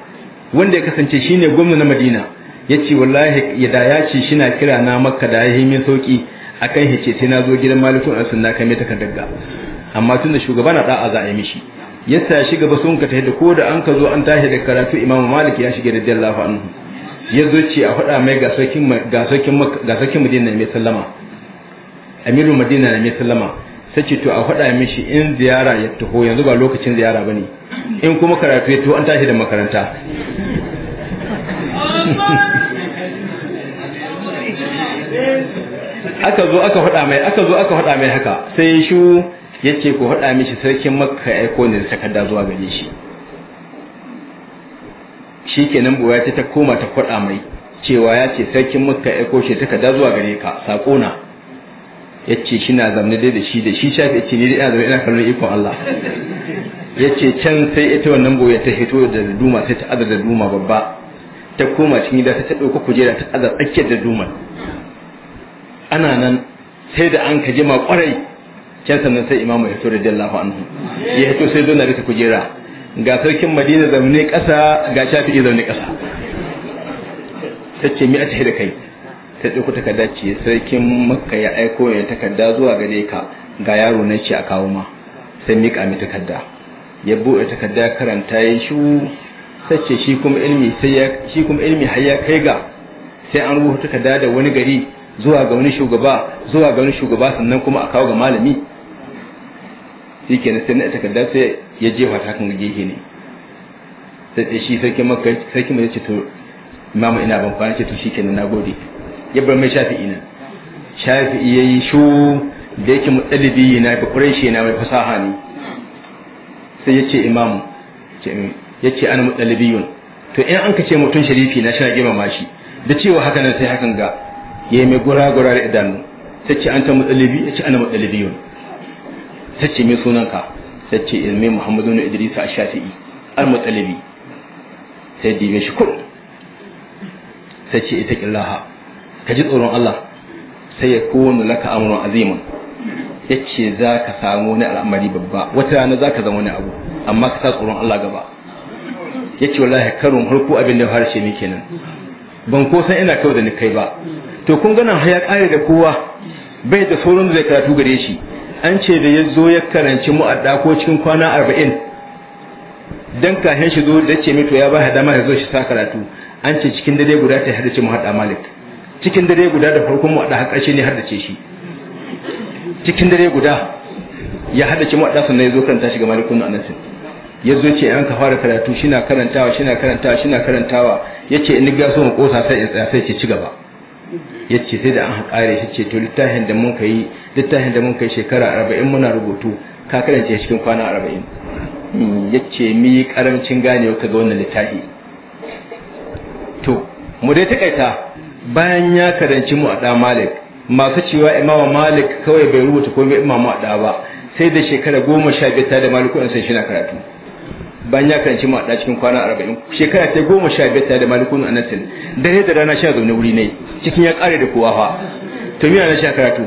wanda ya kasance shine gwamna na madina yace wallahi da ya ce shina kira na makka da yayi min sauki akan hice sai na zo gidan malikun asunna kame ta kaddaga amma tunda shugaba na ɗa'a za a yi mishi yasa shi gaba sun ka tafi ko da an ka zo an tashi da karatu imam malik ya shige dillahu anhu ya zo ce a faɗa mai ga sarkin ga sarkin ga sarkin madina mai sallama amirul madina mai sallama sace to a faɗa mishi in ziyara ya taho yanzu ba lokacin ziyara bane in kuma karatu ya taho an tashi da makaranta aka zo aka faɗa mai aka zo aka faɗa mai haka sai shu yace ku faɗa mishi sarkin makka ya aiko ne da takarda zuwa gare shi shikenan buwa ta koma ta faɗa mai cewa yace sarkin makka ya aiko shi takarda zuwa gare ka sako na yace shi na zamne dai da shi da shi shafi yace ni dai ina zamne ina kallon iko Allah yace can sai ita wannan buwa ta hito da duma sai ta adada duma babba ta koma cikin gida ta ɗauka kujera ta azar da duman ana nan sai da an kaje ma kwarai can sannan sai imamu ya tura jallahu anhu ya hito sai dona rika kujera ga sarkin madina zaune ƙasa ga shafi'i zaune ƙasa ta ce mi a da kai ta ɗauko takarda ce sarkin makka ya aiko ya takarda zuwa gare ka ga yaro na ce a kawo ma sai miƙa mi takarda ya buɗe takarda karanta ya shu sace shi kuma ilmi sai ya shi kuma ilmi har ya kai ga sai an rubuta takarda da wani gari zuwa ga wani shugaba zuwa ga wani shugaba sannan kuma a kawo ga malami shi kenan sai na takarda sai ya jefa ta kan gehe ne sai sai shi sarki makka sarki mai ce to imamu ina ban kwana ce to shi kenan nagode ya bar mai shafi'i nan shafi'i yayi shu da yake mutsalibi na ba shi na mai fasaha ne sai ya ce imamu ce yace ana mutalibiyun to in an kace mutun sharifi na shi girmama shi da cewa haka nan sai hakan ga yayi mai gura gura da idanu sai ce anta mutalibi yace ana mutalibiyun sai ce me sunanka sai ce ilmi muhammadu ibn idris ash-shafi'i al mutalibi sai dibe shi kur sai ce ita killaha ka ji tsoron Allah sai ya kowanne laka amuran azimin yace zaka za ka samu wani al'amari babba wata rana za ka zama wani abu amma ka sa tsoron Allah gaba ya ce wallahi karon harko abin da harshe ne kenan ban ko san ina kawai da ni kai ba to kun gana ya kare da kowa bai da sauran da zai karatu gare shi an ce da ya zo ya karanci mu a ko cikin kwana arba'in dan kahin shi zo da ce mai to ya ba dama ya zo shi sa karatu an ce cikin dare guda ta haddace hada malik cikin dare guda da farkon mu hada ƙarshe ne haddace shi cikin dare guda ya haddace hada sannan ya zo karanta shi ga malikun annabi ya zo ce an ka fara karatu shi na karantawa shi na karantawa shi na karantawa ya ce in ga so mu kosa sai in tsaya sai ce ci gaba ya ce sai da an kare shi ce to littafin da mun ka yi littafin da mun ka yi shekara arba'in muna rubutu ka karance cikin kwana arba'in hmm, ya ce mi yi karamcin ganewa ka ga wannan littafi to mu dai takaita bayan ya karanci mu a da malik masu cewa imama malik kawai bai rubuta komai mu a da ba sai da shekara goma sha biyar da maliku sai shi na karatu bayan ya karanci mu da cikin kwana 40 shekara ta goma sha biyar tare da malikun anasin dare da rana sha zaune wuri ne cikin ya kare da kowa fa to mina na sha karatu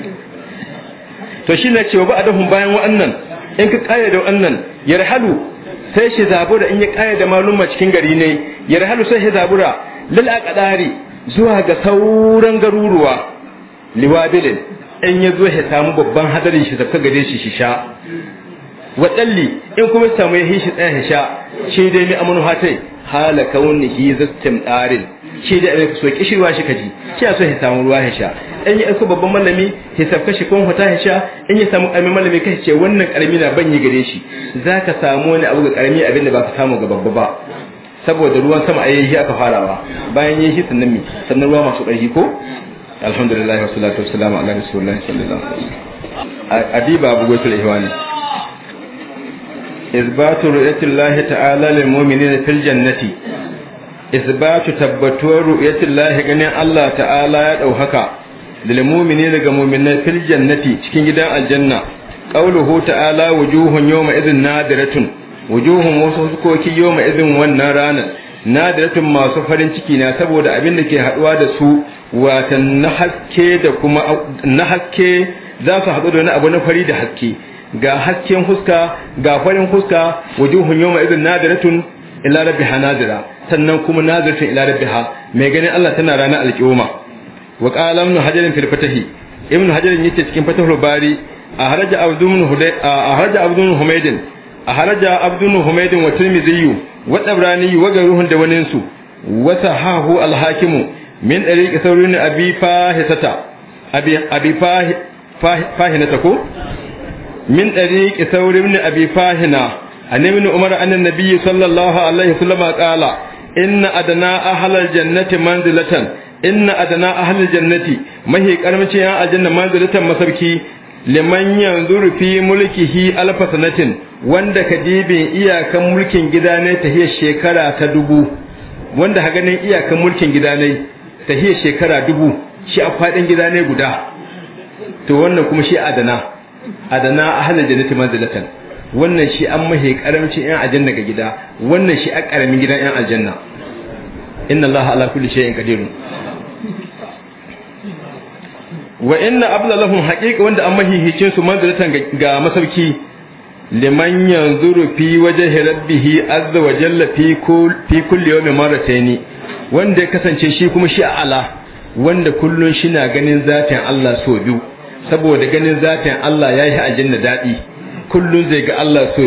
[LAUGHS] to shi ne cewa ba adahun bayan wa'annan in ka kare da wa'annan yarhalu sai shi zabura in ya kare da malumma cikin gari ne yarhalu sai shi zabura lil aqdari zuwa ga sauran garuruwa liwabilin in ya zo ya samu babban hadarin shi zaka gare shi shi sha wa dalli in kuma samu ya hishi tsaya hisha shi dai mai amanu hatai hala kauni hi zattim darin shi dai abin so kishirwa shi kaji shi so ya samu ruwa hisha in yi ko babban malami hisab kuma kun huta hisha in ya samu karmi malami kai ce wannan karmi na banyi gare shi zaka samu wani abu ga karmi abin da ka samu ga babba ba saboda ruwan sama ayi aka fara ba bayan yi shi sannan mi sannan ruwa masu ƙarfi ko alhamdulillah wassalatu wassalamu ala rasulillah sallallahu alaihi wasallam abi babu gwaitul ihwani isbatu ru'yatillahi الله تعالى للمؤمنين في isbatu tabbatuwar ru'yatillahi ganin Allah ta'ala ya dauhaka lil للمؤمنين fil jannati cikin gidan aljanna qauluhu ta'ala wujuhun yawma idhin nadiratun wujuhun wasu yawma idhin wannan ranar nadiratun masu farin ciki na saboda abin da ke haduwa da su watan na haske da kuma za su haɗu da wani abu na fari da haske ga hasken huska ga farin huska wujuhun yawma idin nadiratun ila rabbiha nadira sannan kuma nadiratun ila rabbiha mai ganin Allah tana ranar alƙiyoma wa qala ibn hajar fil fatahi ibn hajar yace cikin fatahul bari a haraja abdun hudai a haraja abdun humaydin a haraja abdun humaydin wa tirmidhi wa tabrani wa garuhun da wanin su wa sahahu al hakimu min dariqi saurin abi fahisata abi abi fahinata ko min ɗariƙi saurin ni abi fahina a nemin umar annan nabiyyi sallallahu alaihi sallama ƙala inna adana ahalar jannati manzilatan inna adana ahalar jannati mahi ƙarmacin yan aljanna manzilatan masarki liman yanzu rufi Hi, alfa sanatin wanda ka dibin iyakan mulkin gida ne tahiyar shekara ta dubu wanda ha ganin iyakan mulkin gida ne tahiyar shekara dubu shi a faɗin gida ne guda to wannan kuma shi adana adana ahlul jannati manzilatan wannan shi an mahe karamcin yan aljanna ga gida wannan shi a karamin gidan yan aljanna inna allaha ala kulli shay'in qadir wa inna abla lahum haqiqa wanda an mahihicin su manzilatan ga masauki liman yanzuru fi wajhi rabbih azza wa jalla fi kull fi kulli yawmin marratayn wanda kasance shi kuma shi a ala wanda kullun shi na ganin zatin Allah so biyu saboda ganin zatin Allah ya yi da daɗi kullum zai ga Allah so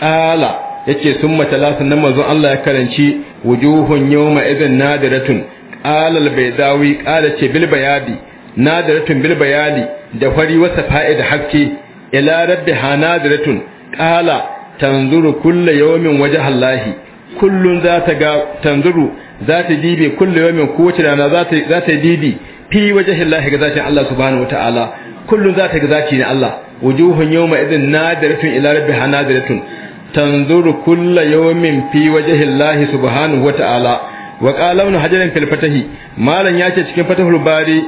ƙala ya ce sun matala nan manzon Allah ya karanci wujuhun yawma idan nadiratun ƙalal bai dawi ƙala ce bil bayadi nadiratun bil bayali da fari wasa fa'ida haske ila rabbiha nadiratun ƙala tanzuru kulla yawmin wajhallahi kullun za ta ga tanzuru za ta dibe kulla yawmin kowace rana za ta dibe fi lahi ga zatin Allah subhanahu wa ta'ala kullum za zata ga zati ne Allah wujuhun yawma idhin nadiratun ila rabbiha nadiratun tanzuru kulla yawmin fi lahi subhanahu wataala wa qala ibn hajar fil fatahi malan yace cikin fatahul bari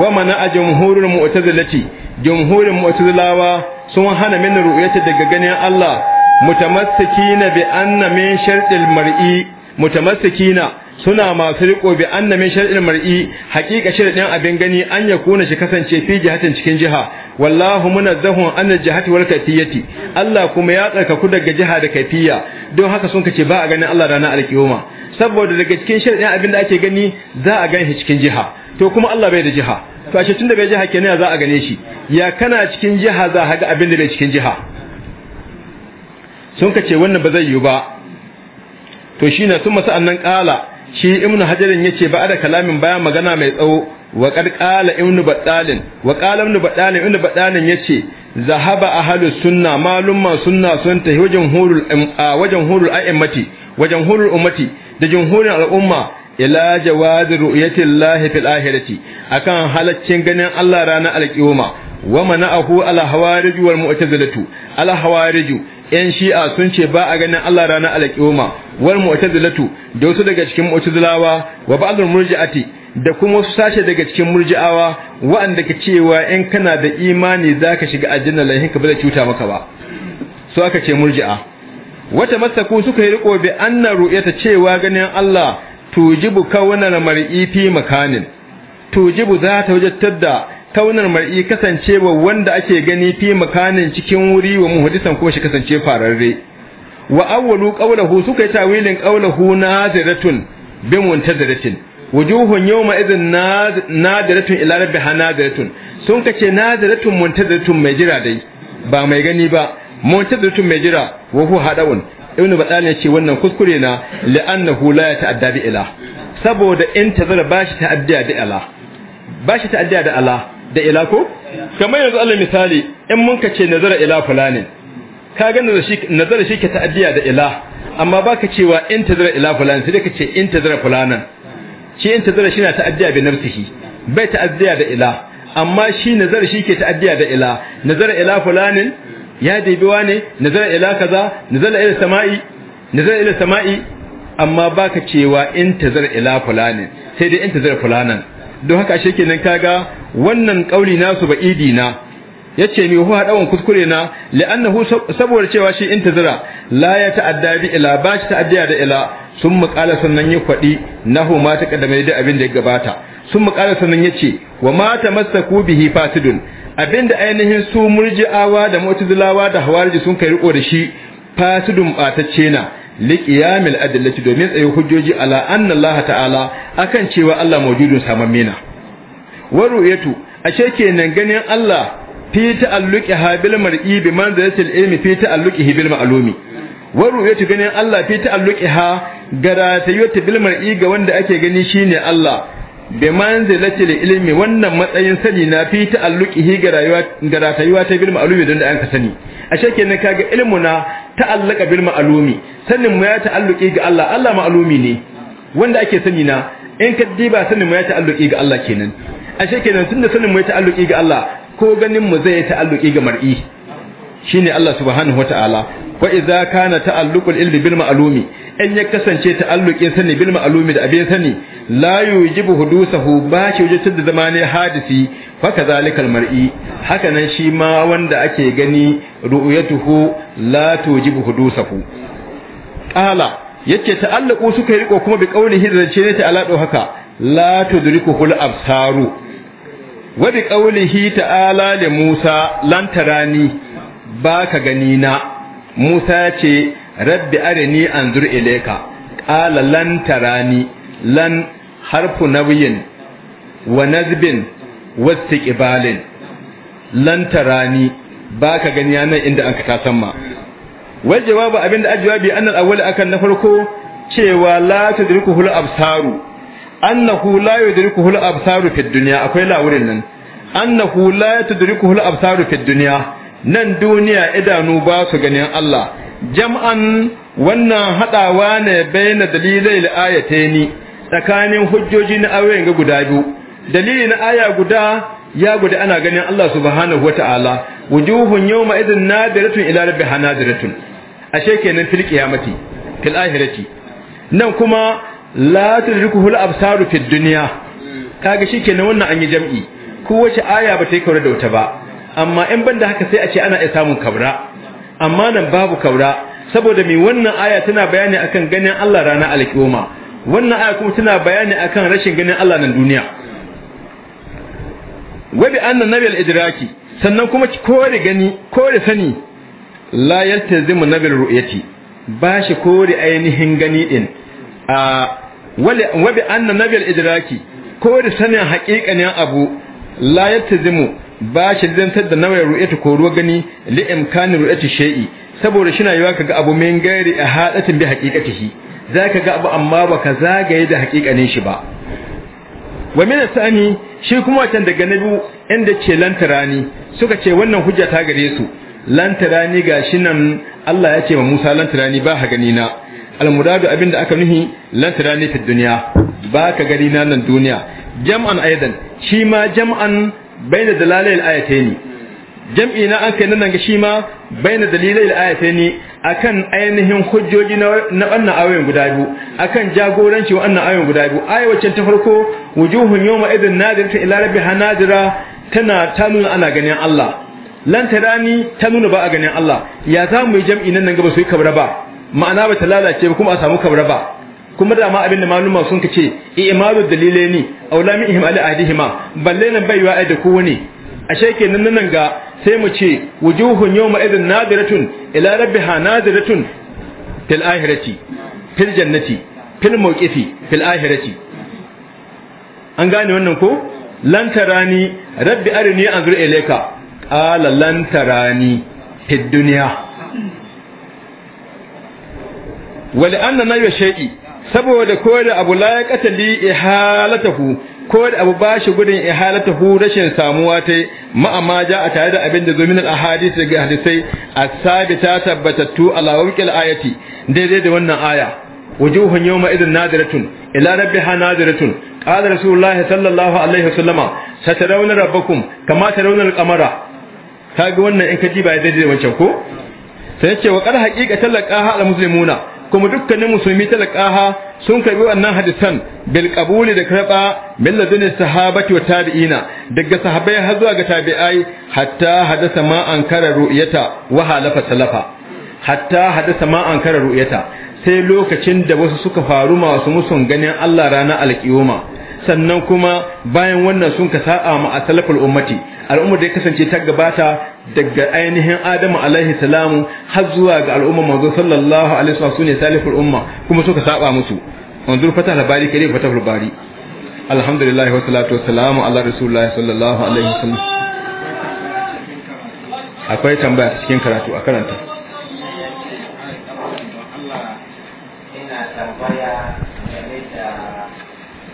wa mana jumhurul mu'tazilati jumhurul mu'tazilawa sun hana min ru'yata daga ganin Allah mutamassikina bi anna min shartil mar'i mutamassikina suna masu riko bi anna min shar'il mar'i haqiqa shar'in abin gani an ya kona shi kasance fi jihatin cikin jiha wallahu munazzahu an jihati wal kayfiyati Allah kuma ya ku daga jiha da kayfiya don haka sun kace ba a ganin Allah ranar alkiyoma saboda daga cikin shar'in abin da ake gani za a gane shi cikin jiha to kuma Allah bai da jiha to ashe tunda bai jiha kenan za a gane shi ya kana cikin jiha za a ga abin da bai cikin jiha sun kace wannan ba zai yi ba to shine sun masa annan kala shi ibnu hajarin yace ba da kalamin baya magana mai tsawo wa qad ibnu battalin wa qala ibnu battalin ibnu battalin yace zahaba ahlus sunna ma sunna sun tahi wajen hurul wajen hurul a'immati wajen hurul ummati da jumhurin al'umma ila jawazi ru'yatillahi fil akhirati akan halaccin ganin Allah ranar alqiyama wa mana'ahu ala hawarij wal mu'tazilatu ala hawarij yan shi'a sun ce ba a ganin Allah ranar alqiyama wal mu'tazilatu da wasu daga cikin mu'tazilawa wa ba'd murji'ati da kuma wasu sashe daga cikin murji'awa wa'anda ke cewa in kana da imani zaka shiga aljanna lahin ka ba cuta maka ba so aka ce murji'a wata masaku suka yi riko bi anna ru'yata cewa ganin Allah tujibu kaunar mar'i fi makanin tujibu za ta wajattar da kaunar mar'i kasancewa wanda ake gani fi makanin cikin wuri wa muhaddisan kuma shi kasance fararre wa awwalu qawluhu suka yi tawilin qawluhu nadiratun bi muntaziratin wujuhun yawma idhin nadiratun ila rabbiha nadiratun sun kace nadiratun muntaziratun mai jira dai ba mai gani ba muntaziratun mai jira wa hu hadawun ibnu badal ya ce wannan kuskure na li'annahu la ta'adda bi ila saboda intazara bashi ta'adda da ila bashi ta'adda da ila da ila ko kamar yanzu Allah misali in mun kace nazara ila fulanin ka ga nazara shi ke ta'addiya da ila amma baka cewa in tazara ila fulan sai ka ce in tazara fulanan shi in tazara shi na ta'addiya bi nafsihi bai ta'addiya da ila amma shi nazara shi ke ta'addiya da ila nazara ila fulanin ya debi wane nazara ila kaza nazara ila sama'i nazara ila sama'i amma baka cewa in tazara ila fulanin sai dai in tazara fulanan don haka kenan kaga wannan kauli nasu ba na yace mi huwa dawon kuskure na li'annahu saboda cewa shi intizira la ya ta'adda bi ila ba shi ta'addiya da ila sun kala sannan ya kwadi nahu ma ta kaddame da abin da ya gabata sun kala sannan yace wa ma tamassaku bihi fasidun abinda ainihin su murji'awa da mu'tazilawa da hawariji sun kai riko da shi fasidun batacce na liqiyamil adillati domin tsayi hujjoji ala anna Allah ta'ala akan cewa Allah mawjudun samammina wa ru'yatu ashe kenan ganin Allah fi ta'alluqi habil mar'i bi manzilatil ilmi fi ta'alluqihi bil ma'lumi wa ru'yatu ganin Allah fi ta'alluqiha garatayyatu bil mar'i ga wanda ake gani shine Allah bi manzilatil ilmi wannan matsayin sani na fi ta'alluqihi ga rayuwa garatayyuwa ta bil ma'lumi don da an ka sani ashe kenan kaga na ta'allaka bil ma'lumi sanin mu ya ta'alluqi ga Allah Allah ma'lumi ne wanda ake sani na in ka diba sanin mu ya ta'alluqi ga Allah kenan ashe kenan tunda sanin mu ya ta'alluqi ga Allah ko ganin mu zai ta'alluki ga mar'i shine Allah subhanahu wataala wa idza kana ta'alluqul ilmi bil ma'lumi in ya kasance ta'alluki sani bil ma'lumi da abin sani la yujibu hudusahu ba shi wujud da zamanin hadisi fa kadhalika mar'i haka nan shi ma wanda ake gani ru'yatuhu la tujibu hudusahu qala yace ta'alluqu suka riko kuma bi qawlihi da ne ta’alladu haka la tudrikuhu hul absaru wa bi qawlihi ta'ala li Musa lan tarani baka gani na Musa ce rabbi arini anzur ilayka qala lan tarani lan harfu nawyin wa nazbin wa istiqbalin lan tarani baka gani nan inda an ka ma. wal jawabu abinda ajwabi annal awwal akan na farko cewa la tudrikuhul absaru annahu la yudrikuhu al-absaru fi dunya akwai lawurin nan annahu la yudrikuhu al-absaru fi dunya nan duniya idanu ba su ganin Allah jam'an wannan hadawa ne baina dalilai al-ayataini tsakanin hujjoji na ayoyin ga guda biyu dalili na aya guda ya guda ana ganin Allah subhanahu wata'ala wujuhun yawma idin nadiratun ila rabbi nadiratun ashe kenan fil qiyamati fil ahirati nan kuma la tudrikuhu al-absaru fi dunya kaga shikenan wannan an yi jam'i ko wace aya ba ta yi kaura da wata ba amma in banda haka sai a ce ana iya samun kabra amma nan babu kabra saboda me wannan aya tana bayani akan ganin Allah rana alkiyoma wannan aya kuma tana bayani akan rashin ganin Allah nan duniya wabi anna nabiyal idraki sannan kuma kore gani kore sani la yaltazimu nabil ru'yati ba shi kore ainihin gani din A bi anna nabiyal idraki ko da sanin haƙiƙanin abu la yatazimu ba shi zantar da nawayar ru'yatu ko ruwa gani li imkani ru'yati shay'i saboda shi na yiwa kaga abu min gairi a hadatin bi haqiqatihi zaka ga abu amma baka zagaye da haqiqanin shi ba wa min sani shi kuma can daga nabi inda ce lantarani suka ce wannan hujja ta gare su lantarani gashi nan Allah ya ce wa Musa lantarani ba ha gani na almuradu abinda aka nuhi lan tarani fi dunya ba ka gari na nan duniya jam'an aidan shi ma jam'an baina dalalil ayataini jam'i na an kai nan shi ma baina dalilai ayataini akan ainihin hujjoji na wannan ayoyin guda biyu akan jagoranci wannan ayoyin guda biyu ayawacin ta farko wujuhun yawma idan nadirta ila rabbi hanadira tana ta nuna ana ganin Allah lan tarani ta nuna ba a ganin Allah ya za mu yi jam'i nan nan ba su yi kabra ba ma'ana bata lalace ba kuma a samu kabra ba kuma da ma abinda maluma sun kace dalile ne aula min ihim ala ahdihima balle nan bai wa da ku wani ashe kenan nan ga sai mu ce wujuhun yawma idin nadiratun ila rabbiha nadiratun fil ahirati fil jannati fil mawqifi fil ahirati an gane wannan ko lan tarani rabbi arini anzur ilayka qala lan tarani fid dunya wali an na yi saboda ko da abu la ya katali ihalatahu ko da abu ba shi gudun ihalatahu rashin samuwa ta ma'amma ja a tare da abin da zo min al-ahadith ga hadisai a sabita tabbatattu ala waqil ayati daidai da wannan aya wujuhun yawma idhin nadiratun ila rabbiha nadiratun qala rasulullahi sallallahu alaihi wasallama satarawna rabbakum kama tarawna al-qamara kaga wannan in ka ji ba daidai da wancan ko sai ce wa qad haqiqatan laqaha al-muslimuna kuma dukkanin musulmi talqaha sun karbi wannan hadisan bil qabuli da karba min ladun sahabati wa tabi'ina daga sahabbai har zuwa ga tabi'ai hatta hadasa ma kara ru'yata wa halafa salafa hatta hadasa ma kara ru'yata sai lokacin da wasu suka faru masu musun ganin Allah rana alkiyoma sannan kuma bayan wannan sun ka sa'a ma a salaful ummati al'ummar da ya kasance ta gabata daga ainihin adamu alaihi salamu har zuwa ga al'ummar manzo sallallahu alaihi wasallam sune salaful umma kuma suka saba musu wanzu fata labari kare fata labari alhamdulillah wa salatu wa salamu ala rasulillah sallallahu alaihi wasallam akwai tambaya cikin karatu a karanta ina tambaya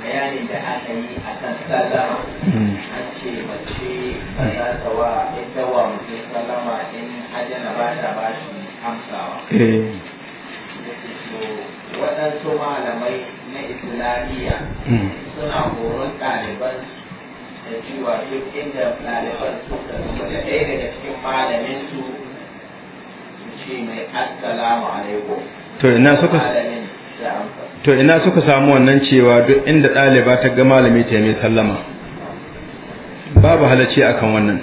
bayani da aka yi a kan sallama hmm. an ce mace ba za ta wa in wa mutum sallama in ajana ba ta ba shi amsawa eh. waɗansu malamai na islamiyya hmm. suna horon ɗaliban da cewa duk inda ɗaliban suka zama da ɗaya daga cikin malamin su su ce mai assalamu alaikum to ina suka malamin to ina suka samu wannan cewa duk inda ɗaliba ta ga malami ta mai sallama babu halacci akan wannan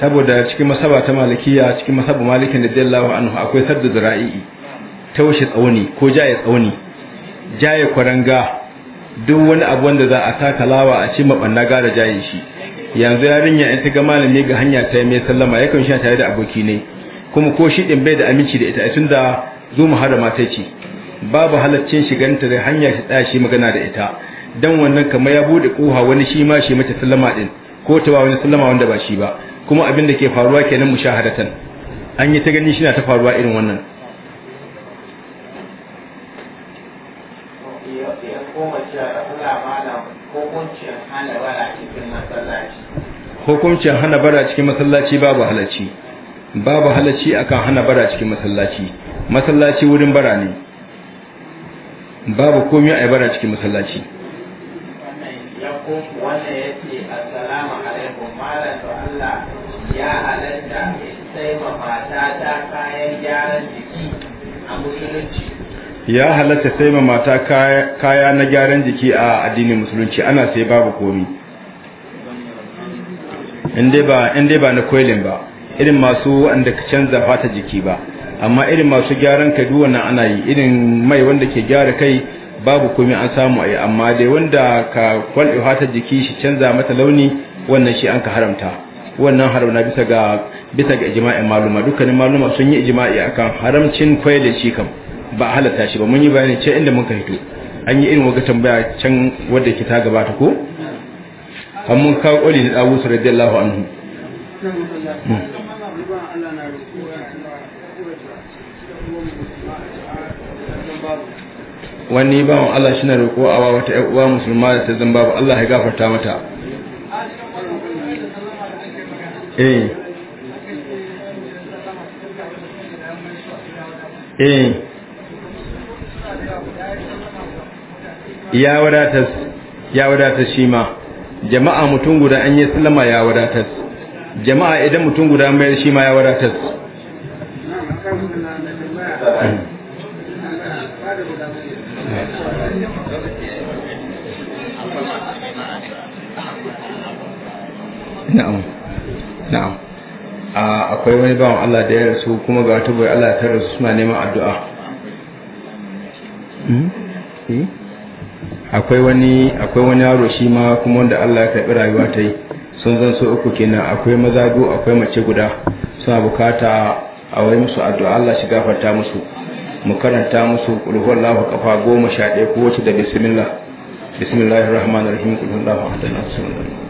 saboda cikin masaba ta malikiya cikin masaba malikin da dillahu anhu akwai sadda zira'i taushe tsauni ko jaye tsauni jaye kwaranga duk wani abu wanda za a taka lawa a ci mabanna gara jaye shi yanzu yarinya in ta ga malami ga hanya ta mai sallama yakan shi tare da aboki ne kuma ko shi din bai da aminci da ita tunda mu hada ta ce babu halaccin shiganta da hanya shi tsaya shi magana da ita dan wannan kamar ya bude koha wani shi ma shi mata sallama din ko ta wani sallama wanda ba shi ba kuma abin da ke faruwa kenan mushahadatan an yi ta gani shi na ta faruwa irin wannan hukuncin hana bara cikin masallaci babu halacci babu halacci akan hana bara cikin masallaci masallaci wurin bara ne babu komai a bara cikin masallaci ya halatta sai ma mata kaya na gyaran jiki a addinin musulunci ana sai babu komi inda ba na koilin ba irin masu wanda canza fata jiki ba amma irin masu gyaran kai duk wannan ana yi irin mai wanda ke gyara kai babu komai an samu a yi amma dai wanda ka kwalɗe hatar jiki shi canza mata launi wannan shi an ka haramta wannan haramna bisa ga bisa ga ijma'in maluma dukkanin maluma sun yi ijma'i akan haramcin kwai da shi kam ba halatta shi ba mun yi bayani ce inda ka hito an yi irin wata tambaya can wadda ke ta gabata ko an mun kwali da na Abu Sa'id radiyallahu anhu wani bawan Allah shi na roƙo a wata ‘yan uwa musulma da ta zamba ba Allah ya gafarta mata eh eh ya wadatas ya wadatas shi ma jama'a mutum guda an yi sallama ya wadatas jama'a idan mutum guda mayar shi ma ya wadatas na'am na'am akwai wani bawan Allah da ya rasu kuma ga wata bai Allah ta rasu suna neman addu'a hmm? eh? akwai wani akwai wani yaro shi ma kuma wanda Allah ya karɓi rayuwa ta yi sun zan so uku kenan akwai mazago akwai mace guda suna bukata a wai musu addu'a Allah shi gafarta musu mu karanta musu qul lafa kafa goma sha ɗaya ko wace da bismillah bismillahir rahmanir rahim qul huwallahu